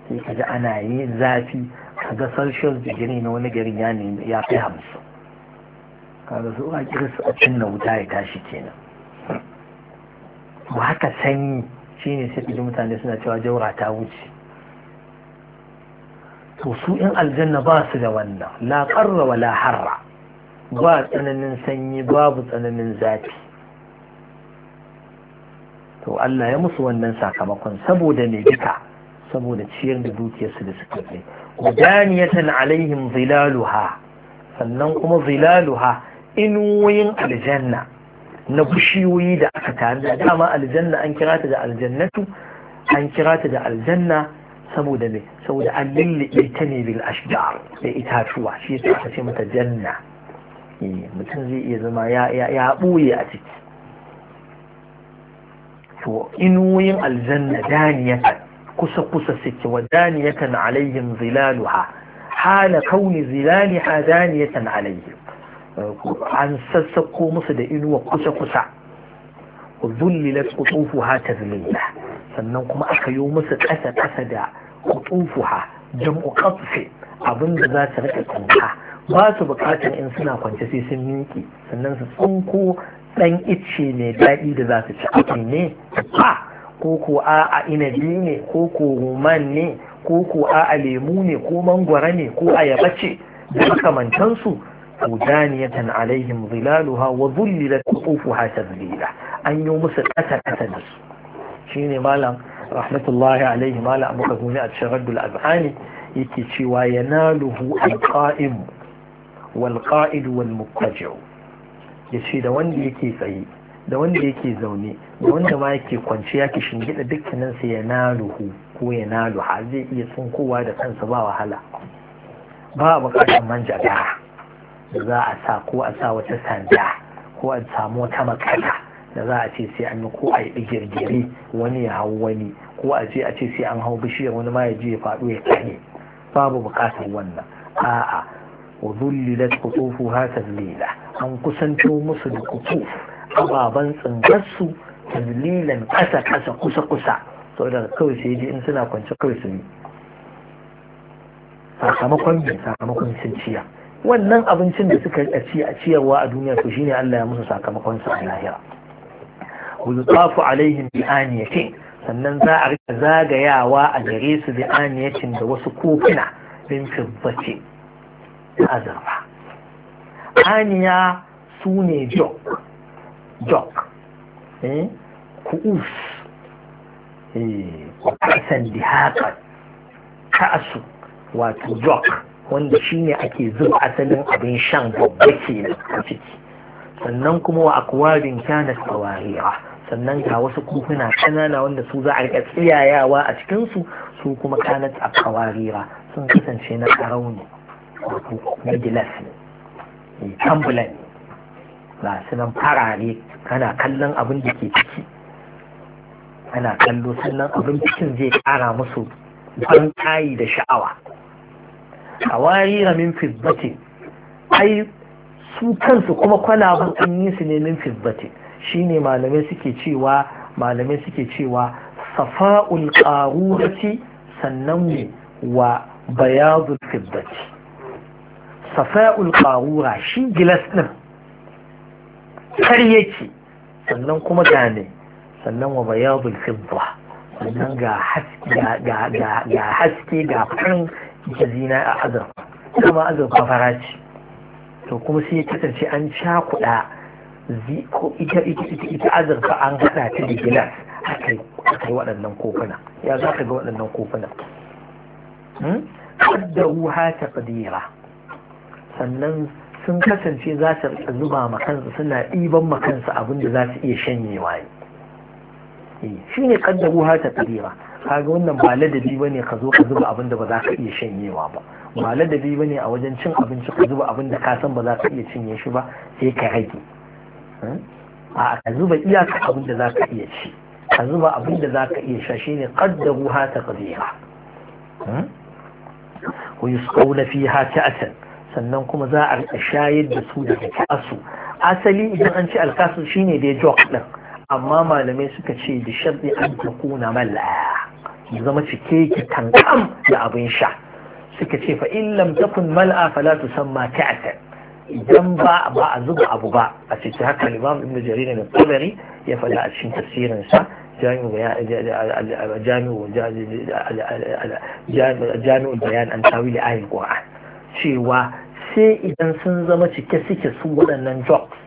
sai ka ji ana yin zafi kaga celsius digiri na wani garin ya ne ya fi hamsin kaga su a kira su a cinna wuta ya tashi kenan ba haka sanyi shi ne sai ji mutane suna cewa jaura ta wuce to su in aljanna ba su da wannan la qarra wala harra ba tsananin sanyi babu tsananin zafi to Allah ya musu wannan sakamakon saboda me duka saboda ciyar da dukiyarsu da suka kai wadaniyatan alaihim zilaluha sannan kuma zilaluha inuwoyin aljanna na bishiyoyi da aka tare da dama aljanna an kira ta da aljannatu an kira ta da aljanna saboda me saboda an lullube ta ne bil ashjar da itatuwa shi yasa aka ce mata janna eh, mutum zai iya zama ya ɓoye a ciki to inuwoyin aljanna daniyatan kusa kusa suke wa daniyatan alayhim zilaluha hala kauni zilaliha daniyatan alayhim an sassako musu da inuwa kusa-kusa zullilat qutufuha tazlila sannan kuma aka yi musu ƙasa-ƙasa da qutufuha jam'u qatfi abinda za ta rika tsinka ba su bukatar in suna kwance sai sun minki sannan su tsunko dan icce mai daɗi da za su ci akwai ne ba ko ko a inabi ne ko ko ruman ne ko ko a lemu ne ko mangwara ne ko ayaba ce da makamantansu ودانية عليهم ظلالها وظللت قطوفها تذليلا أن يمس أتى أتى شيني مالا رحمة الله عليه مالا أبو كهوني أتشغل الأذعان يكي ويناله القائم والقائد والمضطجع يشي da wanda yake tsaye da wanda yake zaune da wanda ma yake kwanci ya ki dukkanin sa ya naluhu ko ya naluha zai iya tsinkowa da kansa ba wahala ba a bukatar manja gara da za a sa ko a sa wata sanda ko a samu wata makata da za a ce sai an yi ko a yi girgiri wani ya hau wani ko a ce a ce sai an hau bishiyar wani ma ya je ya faɗo ya kane babu buƙatar wannan a'a wa zullilat qutufuha tazlila an kusanto musu da qutuf ababan su tazlilan kasa kasa kusa kusa saboda kawai sai dai in suna kwance kawai su yi sakamakon me sakamakon sun ciya wannan abincin da suka ci a ciyarwa a duniya to shine Allah ya musu sakamakon sa a lahira alaihim bi aniyatin sannan za a rika zagayawa a gare su da aniyacin da wasu kofuna din fizzace da azurfa aniya su ne jok jok eh, ku'us eh, kasan dihaƙar ka'asu wato jok wanda shi ne ake zuba asalin abin shan babba ke a ciki sannan kuma wa akwarin kyanar tsawariya sannan ga wasu kufuna kanana wanda su za a riƙa tsiyayawa a cikinsu su kuma kanar a sun kasance na karau ne na gilas ne tambula ne Ba su nan farare kana kallon abin da ke ciki ana kallo sannan abin cikin zai kara musu ban da sha'awa kawarira min fibbati ai su kansu kuma kwalaban an yi su ne min fibbati shine malamai suke cewa malamai suke cewa safa'ul qarurati sannan ne wa bayadul fibbati safa'ul qarura shi gilas din kar yake sannan kuma gane sannan wa bayadul fibba sannan ga haske ga haske ga farin jazina zina a azurfa kuma azurfa fara ce to kuma sai ya kasance an cakuɗa ita ita azurfa an haɗa ta da gilas akai akai waɗannan kofuna ya za ka ga waɗannan kofuna qaddaru hmm? ta fadira sannan sun kasance za su rika zuba ma suna ɗiban ma abinda abin da za su iya shanyewa ne eh, shine qaddaru ha taqdira kaga wannan ba ladabi bane ka zo ka zuba abin da ba za ka iya shanyewa ba ba ladabi bane a wajen cin abinci ka zuba abin da ka san ba za ka iya cinye shi ba sai ka rage hmm? a ka zuba iyaka abin da za ka iya ci ka zuba abin da za ka iya sha shine qaddaru ha taqdira hmm? fi ha ta ta'atan sannan kuma za a shayar da su da ta'asu asali idan an ci alkasu shine dai jok din amma malamai suka ce da shabbi an kuna mallaya zama cike ki tankam da abin sha suka ce fa in lam takun mal'a fala tusamma ta'atan idan ba ba a zuba abu ba a ta haka imam ibn jarir da tabari ya fada a cikin tafsirin sa jami'ul bayan an tawili ayin qur'an cewa sai idan sun zama cike suke su waɗannan drugs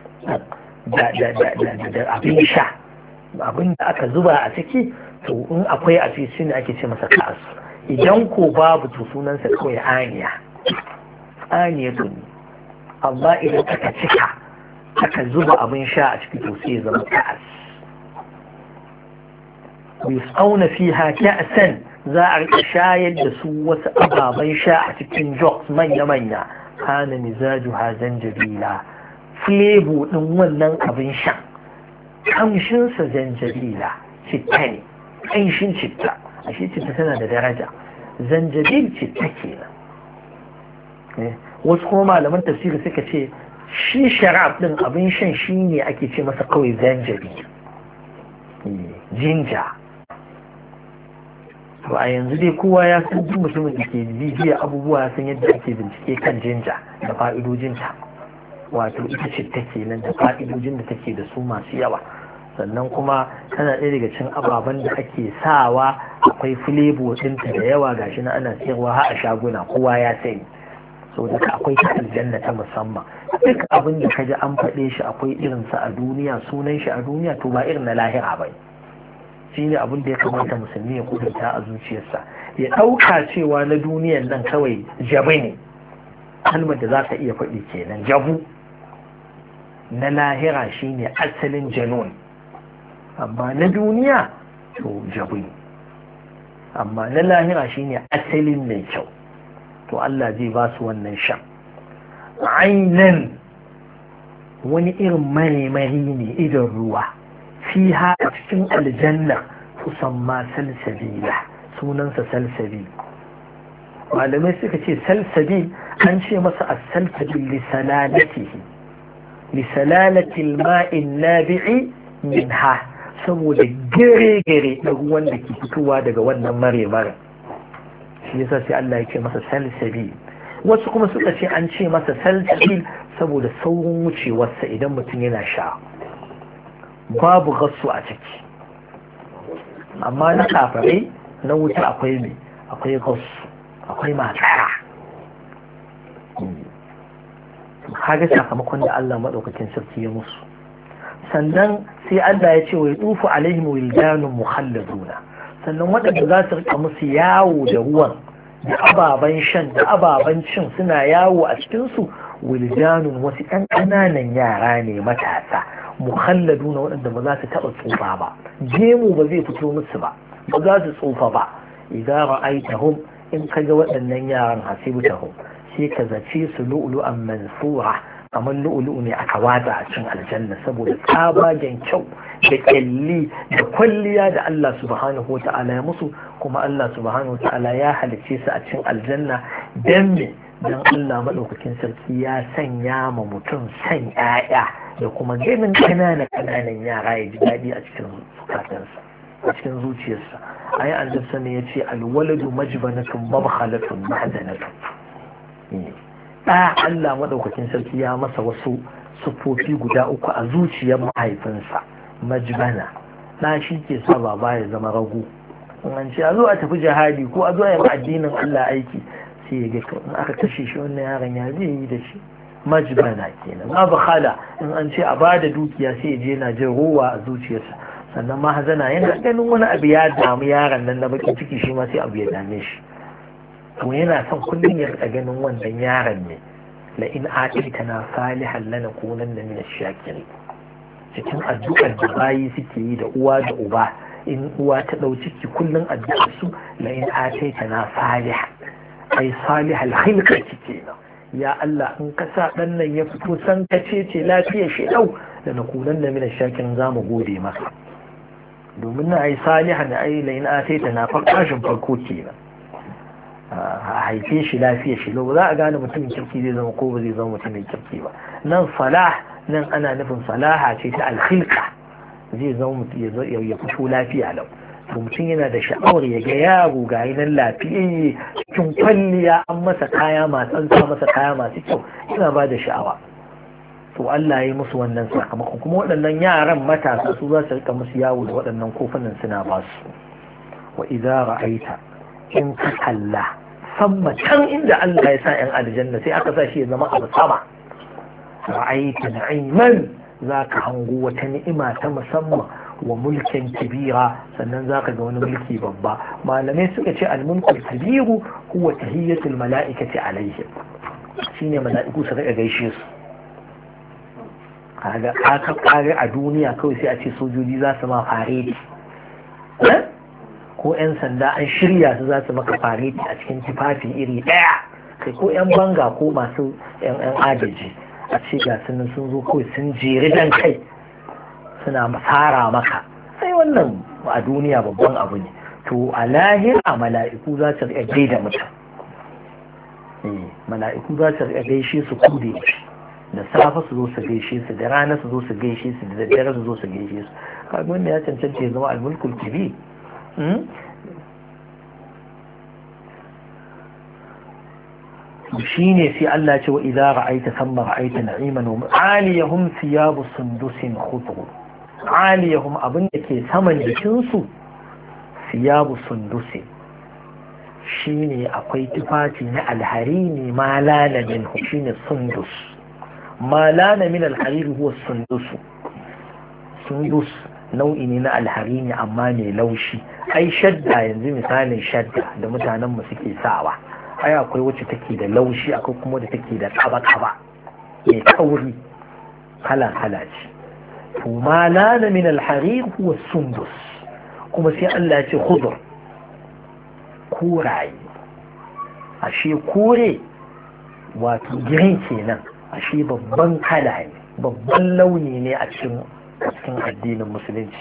da abin sha abin da aka zuba a ciki to in akwai a shi ne ake ce masa ka'as idan ko babu to sunansa kawai aniya aniya to ne amma idan aka cika aka zuba abin sha a ciki to sai ya zama ka'as yus'auna fiha ka'san za a rika shayar da su wasu ababen sha a cikin jokes manya-manya kana mizaju hazan jabila flavor din wannan abin shan kamshinsa zanjabila citta ƙanshin citta a shi citta tana da daraja zanjabil citta nan eh, wasu kuma malaman tafsiri suka ce shi sharab din abin shan shi ne ake ce masa kawai zanjabi, eh, jinja ba a yanzu dai kowa ya san duk mutumin da ke bibiya abubuwa ya san yadda ake bincike kan jinja da fa'idojinta wato ita ce take nan da fa'idojin da take da su masu yawa sannan kuma tana ɗaya daga cikin ababen da ake sawa akwai filebo ɗinta da yawa gashi na ana sayarwa har a shaguna kowa ya sayi so da akwai ta aljanna ta musamman duk abin da kaji an faɗe shi akwai irin sa a duniya sunan shi a duniya to ba irin na lahira ba shi ne abin da ya kamata musulmi ya kudurta a zuciyarsa ya ɗauka cewa na duniyan nan kawai jabu ne kalmar da za ka iya faɗi kenan jabu na lahira shine asalin janun amma na duniya to jabi amma na lahira shine asalin mai kyau to Allah zai ba su wannan shan ainihin wani irin marimari ne idan ruwa fi ha a cikin aljanna kusan ma salsabila sunansa salsabi malamai suka ce salsabi an ce masa a salsabi lisalalatihi lisalalatil ma'in nabi'i min ha saboda gere-gere da ruwan da ke fitowa daga wannan mare-mare shi yasa sai Allah ya ce masa salsabil wasu kuma suka ce an ce masa salsabil saboda saurin wucewarsa idan mutum yana sha babu gasu a ciki amma na kafare na wuta akwai mai akwai gasu akwai matsara kaga sakamakon da Allah maɗaukacin sarki ya musu sannan sai Allah ya ce wa tufu alaihim wildanun mukhalladuna sannan waɗanda za su rika musu yawo da ruwan da ababen shan da ababen cin suna yawo a cikin su wildanun wasu ɗan ƙananan yara ne matasa mukhalladuna waɗanda ba za su taɓa tsufa ba gemu ba zai fito musu ba ba za su tsufa ba idan ra'aitahum in ka ga waɗannan yaran hasibtahum sai ka zace su lu'lu'an mansura kamar lu'ulu'u ne aka watsa a cin aljanna saboda tsabagen kyau da kyalli da kwalliya da Allah subhanahu wa ta'ala ya musu kuma Allah subhanahu wa ta'ala ya halice su a cin aljanna dan me dan Allah madaukakin sarki ya sanya ma mutum san 'ya'ya da kuma ganin kanana kananan yara ya ji daɗi a cikin zukatansa a cikin zuciyarsa ayi annabi ne ya ce alwaladu majbanatun mabkhalatun mahzanatun hmm. da Allah maɗaukakin sarki ya masa wasu sufofi guda uku a zuciyar mahaifinsa majbana Na shi ke sa baba ya zama rago an ce a zo a tafi jihadi ko a zo a yi addinin Allah aiki sai ya ga in aka kashe shi wannan yaron ya zai yi da shi majbana kenan ma bakhala in an ce a bada dukiya sai ya je na jin ruwa a zuciyarsa sannan mahazana yana ganin wani abu ya damu yaron nan na bakin ciki shi ma sai abu ya dame shi to yana son kullum ya rika ganin wannan yaron ne la in na salihan lana kunan da min shakiri cikin addu'ar da bayi suke yi da uwa da uba in uwa ta ɗau ciki kullum addu'ar su la in na salih ai salihal khilqa kike na. ya Allah in ka sa dan nan ya fito san ka ce ce lafiya shi dau da na kunan da min shakin za mu gode maka. domin na ai salihan ai lain in na farkashin farko kenan a haife shi lafiya shi lau za a gane mutumin kirki zai zama ko ba zai zama mutumin kirki ba nan salah nan ana nufin salaha ce ta alkhilqa zai zama ya fito lafiya lau to mutum yana da sha'awar ya ga yaro ga nan lafiyayye cikin kwalliya an masa kaya masu an sa masa kaya masu kyau yana ba da sha'awa to Allah ya yi musu wannan sakamakon kuma waɗannan yaran matasa su za su rika musu yawo da waɗannan kofunan suna ba su wa idza aita. in ka kalla samma can inda Allah ya sa yan aljanna sai aka sa shi ya zama abu sama ra'aita na'iman ka hango wata ni'ima ta musamman wa mulkin kibira sannan za ka ga wani mulki babba malamai suka ce al kabiru huwa tahiyatul mala'ikati alaihim shine mala'iku su rika gaishe su kaga aka kare a duniya kawai sai a ce sojoji za su ma fareti ko 'yan sanda an shirya su za su maka fareti a cikin tufafi iri ɗaya kai ko 'yan banga ko masu 'yan agaji a ce ga sun sun zo kawai sun jeri dan kai suna fara maka sai wannan a duniya babban abu ne to a lahira mala'iku za su riƙa da mutum eh, mala'iku za su riƙa gaishe su kude da safe su zo su gaishe su da rana su zo su gaishe su da daddare su zo su gaishe su kaga wanda ya cancanta ya zama almulkul kibir Hmm? shi ne sai Allah ce wa idza ra'aita thumma ra'aita na'iman wa aliyahum thiyabu sundusin khudru aliyahum abin da ke saman jikin su thiyabu sundusin shine akwai tufafi na alharini ma lana min shine sundus ma min alhariri huwa sundus sundus nau'i ne na alharini amma ne laushi ai shadda yanzu misalin shadda da mutanen mu suke sawa ai akwai wacce take da laushi akwai kuma da take da kaba kaba mai kauri kala kala ce to ma lana min al huwa sundus kuma sai Allah ya ce khudur kuraye ashe kore wato girin kenan ashe babban kala ne babban launi ne a cikin addinin musulunci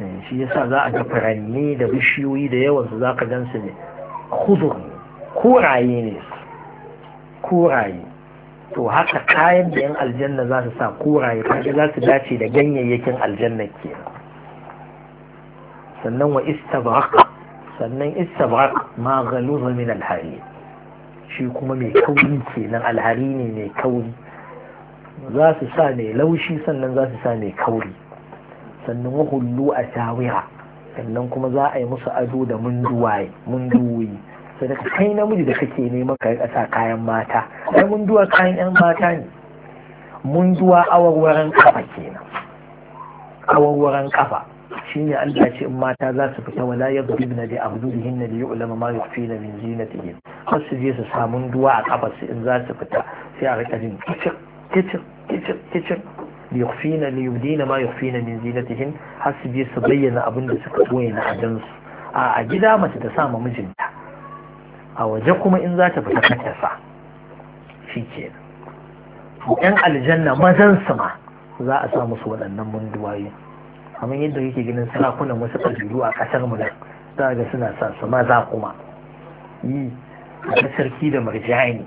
Eh, shi yasa za a ga furanni da bishiyoyi da yawan su za ka gan su ne hudur koraye ne koraye to haka kayan da yan aljanna za su sa koraye kaga za su dace da ganyayyakin aljanna ke sannan wa istabrak sannan istabrak ma galuza min alhari shi kuma mai kauri kenan alhari ne mai kauri za su sa mai laushi sannan za su sa mai kauri sannan hullu a shawira sannan kuma za a yi musu ado da munduwaye munduwi sai daga kai namiji da kake neman ka rika sa kayan mata ai munduwa kayan yan mata ne munduwa awarwaran kafa kenan awarwaran kafa shine Allah ce in mata za su fita wala yadribna bi abdulihinna li yu'lama ma yukhfina min zinatihim har su je su sa munduwa a kafa su in za su fita sai a rika jin kicin kicin kicin kicin liyufina liyubdina ma yufina min zinatihin har su su bayyana abin da suka boye na adansu a a gida mace ta sama mijinta a waje kuma in za ta fita kanta sa shi ke yan aljanna mazan su ma za a sa musu waɗannan munduwayi kamar yadda yake ganin sarakunan wasu ƙabilu a ƙasar mu nan za ga suna sa su maza kuma yi a sarki da marjani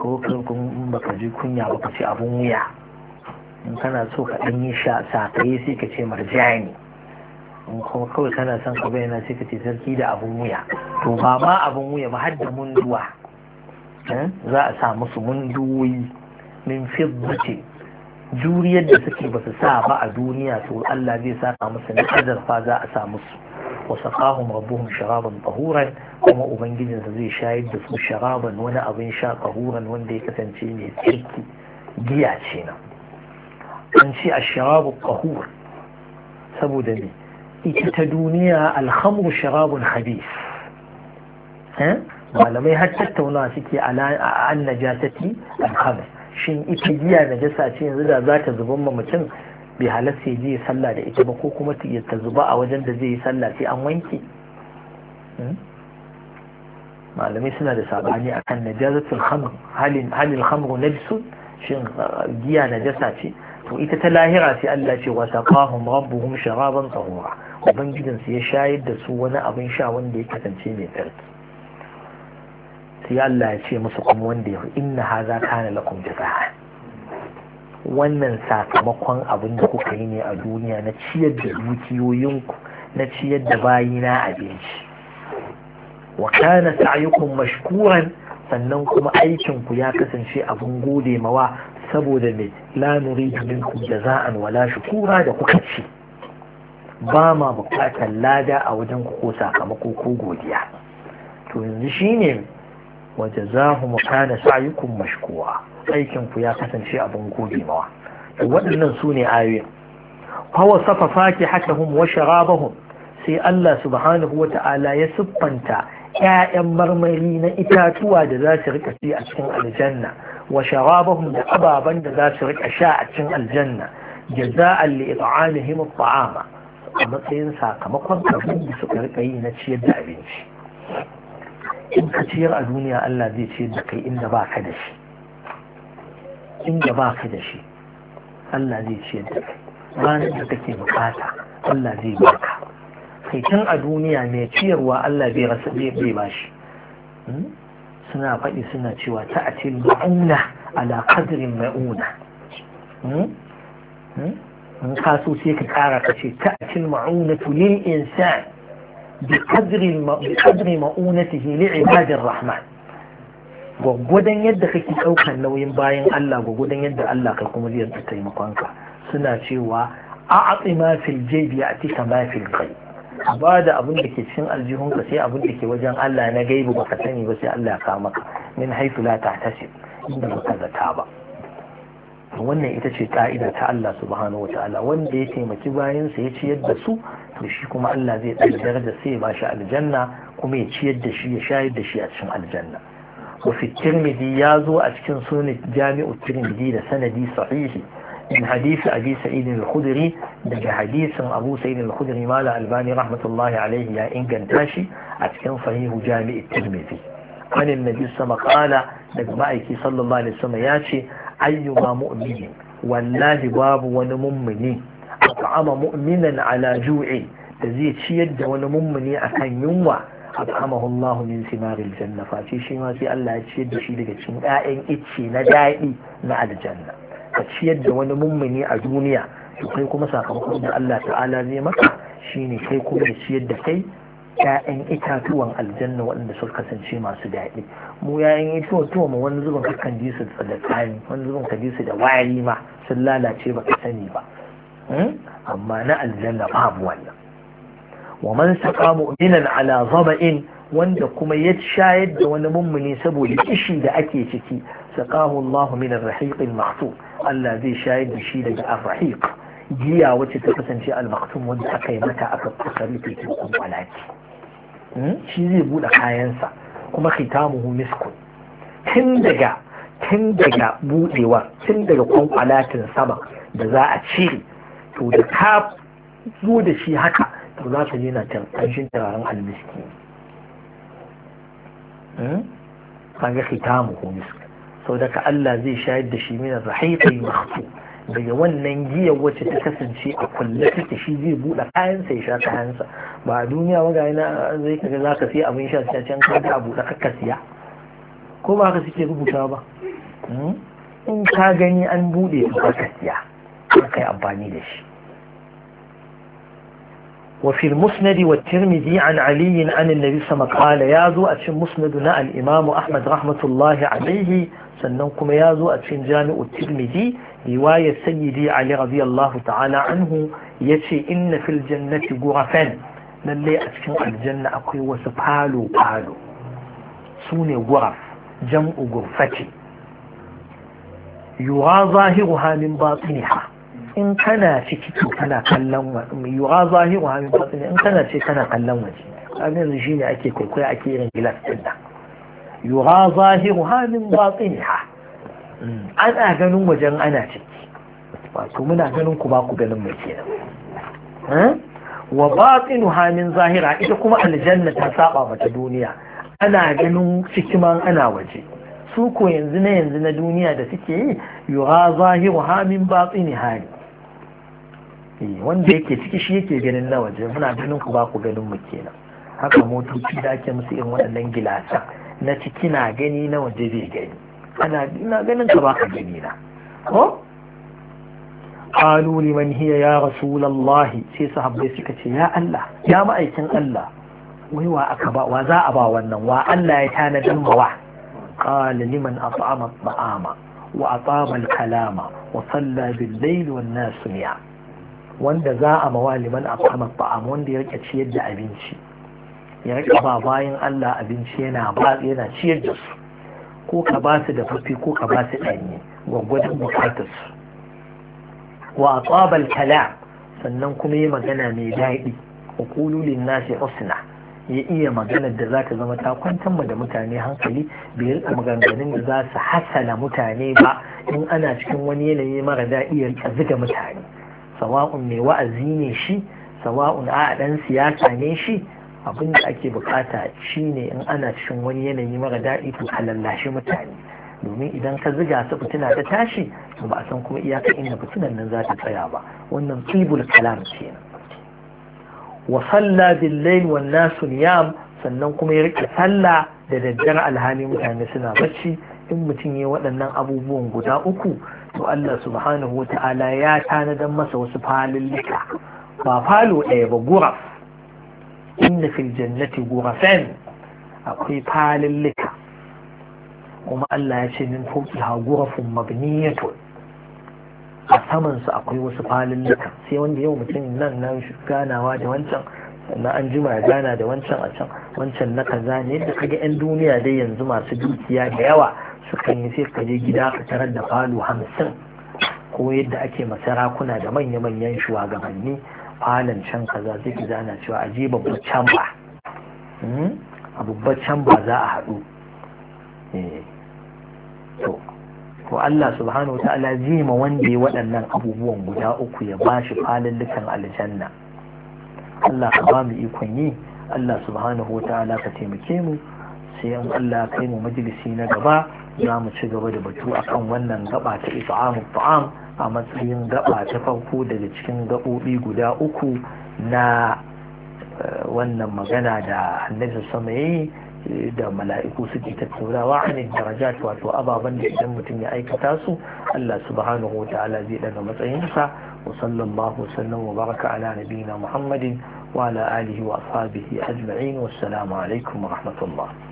ko kun baka ji kunya baka ce abun wuya in kana so ka ɗan yi sataye sai ka ce marjani in kuma kawai kana son ka bayyana sai ka ce sarki da abun wuya to ba ma abun wuya ba har da munduwa eh? za a sa musu munduwoyi min fiddace juriyar da suke ba su sa ba a duniya to Allah zai saka musu na azarfa za a sa musu وسقاهم ربهم شرابا طهورا كما أبنجد زي شاهد دسو شرابا وانا أبن شا طهورا وان دي كتنشيني تركي جياتشينا أنشي الشراب الطهور سبو دمي إتتدونيا الخمر شراب خبيث ها malamai har tattauna suke an najasati al-khamr shin ita giya najasa ce yanzu da za ta zuban mutum bai halasta ya je sallah da ita ba ko kuma ta zuba a wajen da zai yi sallah sai an wanke hmm? malamai suna da sabani akan najazatul halin Hamru na najsun shin ah, giya najasa ce to ita ta lahira sai Allah ce wa taqahum rabbuhum sharaban tsawura. ubangijin su ya shayar da su wani abin sha wanda ya kasance mai tsarki sai Allah ya ce musu kuma wanda ya inna hadha kana lakum jazaa wannan sakamakon abin da kuka yi ne a duniya na ciyar da dukiyoyinku na ciyar da bayina abinci wa kana sa'yukum mashkuran sannan kuma aikin ku ya kasance abin gode mawa saboda mai la nuridu minkum jaza'an wala shukura da kuka ci ba ma bukatar lada a wajen ku ko sakamako ko godiya to yanzu shine wa jazahum kana sa'yukum mashkura aikin ku ya kasance abin gobe mawa waɗannan su ne ayoyin fawa safa haka hatahum wa sharabahum sai Allah subhanahu wa ta'ala ya siffanta ‘ya'yan marmari na itatuwa da za su rika ci a cikin aljanna wa sharabahum da ababen da za su rika sha a cikin aljanna jaza'an li it'amihim at'ama a matsayin sakamakon abin da suka rika yi na ciyar da abinci in ka ciyar a duniya Allah zai ciyar da kai inda ba ka da shi inda ba ka da shi Allah zai ciyar da kai da kake bukata Allah zai baka kai tun a duniya mai ciyarwa Allah bai rasa bai ba shi hmm? suna faɗi suna cewa ta a cikin ma'una ala qadrin ma'una hmm? Hmm? in ka so sai ka kara ka ce ta a cikin ma'una lil insan bi qadri ma'unatihi li ibadir rahman gwaggwadon yadda kake ɗaukar nauyin bayan Allah gwaggwadon yadda Allah kai kuma zai yarda taimakonka suna cewa a atsi ma fil jaybi a tika ma fil kai ba da abin da ke cikin aljihunka sai abin da ke wajen Allah na gaibu baka sani ba sai Allah ya maka min haisu la tahtasib inda baka zata ba wannan ita ce ka'ida ta Allah subhanahu wata'ala wanda ya taimaki bayan sa ya ciyar da su to shi kuma Allah zai ɗaga daraja sai ya shi aljanna kuma ya ciyar da shi ya shayar da shi a cikin aljanna wasu tirmidhi ya zo a cikin sunan jami'u tirmidhi da sanadi sahihi in hadisi abi sa'id al daga hadisin abu sa'id al-khudri mala albani rahmatullahi alayhi ya inganta shi a cikin sahihu jami'u tirmidhi an annabi sama qala daga ma'aiki sallallahu alaihi wasallam ya ce ayyuma mu'mini wallahi babu wani mummuni at'ama mu'minan ala ju'i da zai ciyar da wani mummuni akan yunwa أطعمه janna fa ثمار shi ma sai Allah ya ciyar da shi daga cikin ƴaƴan icce na daɗi na aljanna ka ciyar da wani mummuni a duniya to kai kuma sakamakon da Allah ta'ala zai maka shine kai kuma ya ciyar da kai ƴaƴan itatuwan aljanna waɗanda suka kasance masu daɗi mu ƴaƴan itatuwa mu wani zubin kakan disu da tsani wani zubin ka disu da wari ma sun lalace baka sani ba hmm? amma na aljanna babu wannan wa man saqa mu'minan ala zaba'in wanda kuma ya shayar da wani mummuni saboda kishi da ake ciki saqahu Allahu min ar al Allah zai shayar da shi daga ar-rahiq giya wacce ta kasance al-makhtum wanda aka yi mata aka kusari ta cikin kwalaki hmm? shi zai bude kayansa kuma khitamuhu miskun tun daga tun daga budewa tun daga kwankwalatin sama da za a cire to da ka zo da shi haka to za ka je na can ƙanshin turaren almiski kaga hmm? khitamu ko misk sau da ka Allah zai shayar da shi minar rahiqi makhtu daga wannan giyar wacce ta kasance a kulle take shi zai buɗe kayansa ya sha kayansa ba a duniya ba ga zai kaga za ka siya abin sha ta can ka a buɗe ka siya ko ba haka suke rubuta ba hmm? in ka gani an buɗe ka siya kai amfani da shi وفي المسند والترمذي عن علي عن النبي صلى الله عليه وسلم قال يازو أتشن مسندنا الإمام أحمد رحمة الله عليه سننكم يازو أتشن جامع الترمذي رواية سيدي علي رضي الله تعالى عنه يشي إن في الجنة غرفا للي أتشن الجنة أقوي وسبحالو قالو سوني غرف جمع غرفتي يرى ظاهرها من باطنها in kana ciki to kana kallon yura zahiru ha min batsini in kana ce kana kallon waje kaga yanzu shine ake kwaikwayo ake irin gilas din nan yura zahiru hamin min batsini ha mm, ana ganin wajen ana ciki wato muna ganin ku ba ku ganin mai kenan eh? wa batsinu ha min zahira ita kuma aljanna ta saba mata duniya ana ganin ciki man ana waje su ko yanzu na yanzu na duniya da suke yi yura zahiru ha min batsini ha ne Eh, wanda yake ciki shi yake ganin na waje muna ganin ku ba ku ganin mu kenan haka motoci da ake musu irin waɗannan gilasan na ciki na gani na waje bai gani ana ina ganin ka ba ka gani na ko قالوا لمن هي يا رسول sai sahabbai suka ce ya Allah ya ma'aikin Allah wai wa aka ba wa za a ba wannan wa Allah ya tanadan mawa qala liman at'ama at'ama wa atama al-kalama wa salla layli wan-nas wanda za a mawaliman liman a ba wanda ya rike ciyar da abinci ya rika ba bayan Allah abinci yana ba yana ciyar da su ko ka ba su da fafi ko ka ba su ɗanye gwaggwadon bukatar su wa tsabal kala sannan kuma yi magana mai daɗi a kululin nasi usna ya iya magana da za ta zama ta kwantar mu da mutane hankali bai rika maganganun da za su hasala mutane ba in ana cikin wani yanayi mara daɗi ya rika mutane sawa'un mai wa'azi ne shi sawa'un a ɗan siyasa ne shi abin da ake bukata shi ne in ana cikin wani yanayi mara daɗi to a lallashe mutane domin idan ka ziga su fitina ta tashi to ba a san kuma iyakar inda fitinan nan za ta tsaya ba wannan tsibul kalam kenan wa salla bil layl wan nasu niyam sannan kuma ya rike sallah da daddare alhali mutane suna bacci in mutum ya waɗannan abubuwan guda uku to Allah subhanahu wa ta'ala ya tanadan masa wasu falillika ba falo ɗaya ba guraf Inda fil jannati gurafen akwai falillika kuma Allah ya ce min fauki ha gurafun mabniyatun a saman su akwai wasu falillika sai wanda yau mutum nan nan ganawa da wancan na an jima ya gana da wancan a can wancan na kaza ne da kaga 'yan duniya dai yanzu masu dukiya da yawa sukan yi sai ka je gida ka tarar da falo hamsin ko yadda ake masarakuna da manya-manyan shugabanni falon can kaza sai ki zana cewa a je babbar can ba hmm? a babbar can za a haɗu eh. to Allah subhanahu wa ta'ala zai ma wanda ya waɗannan abubuwan guda uku ya ba shi falon dukkan aljanna Allah ka ba mu ikon yi Allah subhanahu wa ta'ala ka taimake mu sai an Allah kai mu majalisi na gaba za mu ci gaba da batu akan wannan gaba ta it'amu ta'am a matsayin gaba ta farko daga cikin gaɓoɓi guda uku na eh, wannan magana da annabi sama yayi eh, da mala'iku suke tattaunawa a ne darajat wato ababen da idan mutum ya aikata su Allah subhanahu wa ta'ala zai daga matsayinsa wa sallallahu sallam wa baraka ala nabiyina Muhammadin wa ala alihi wa ashabihi ajma'in wassalamu alaikum wa rahmatullah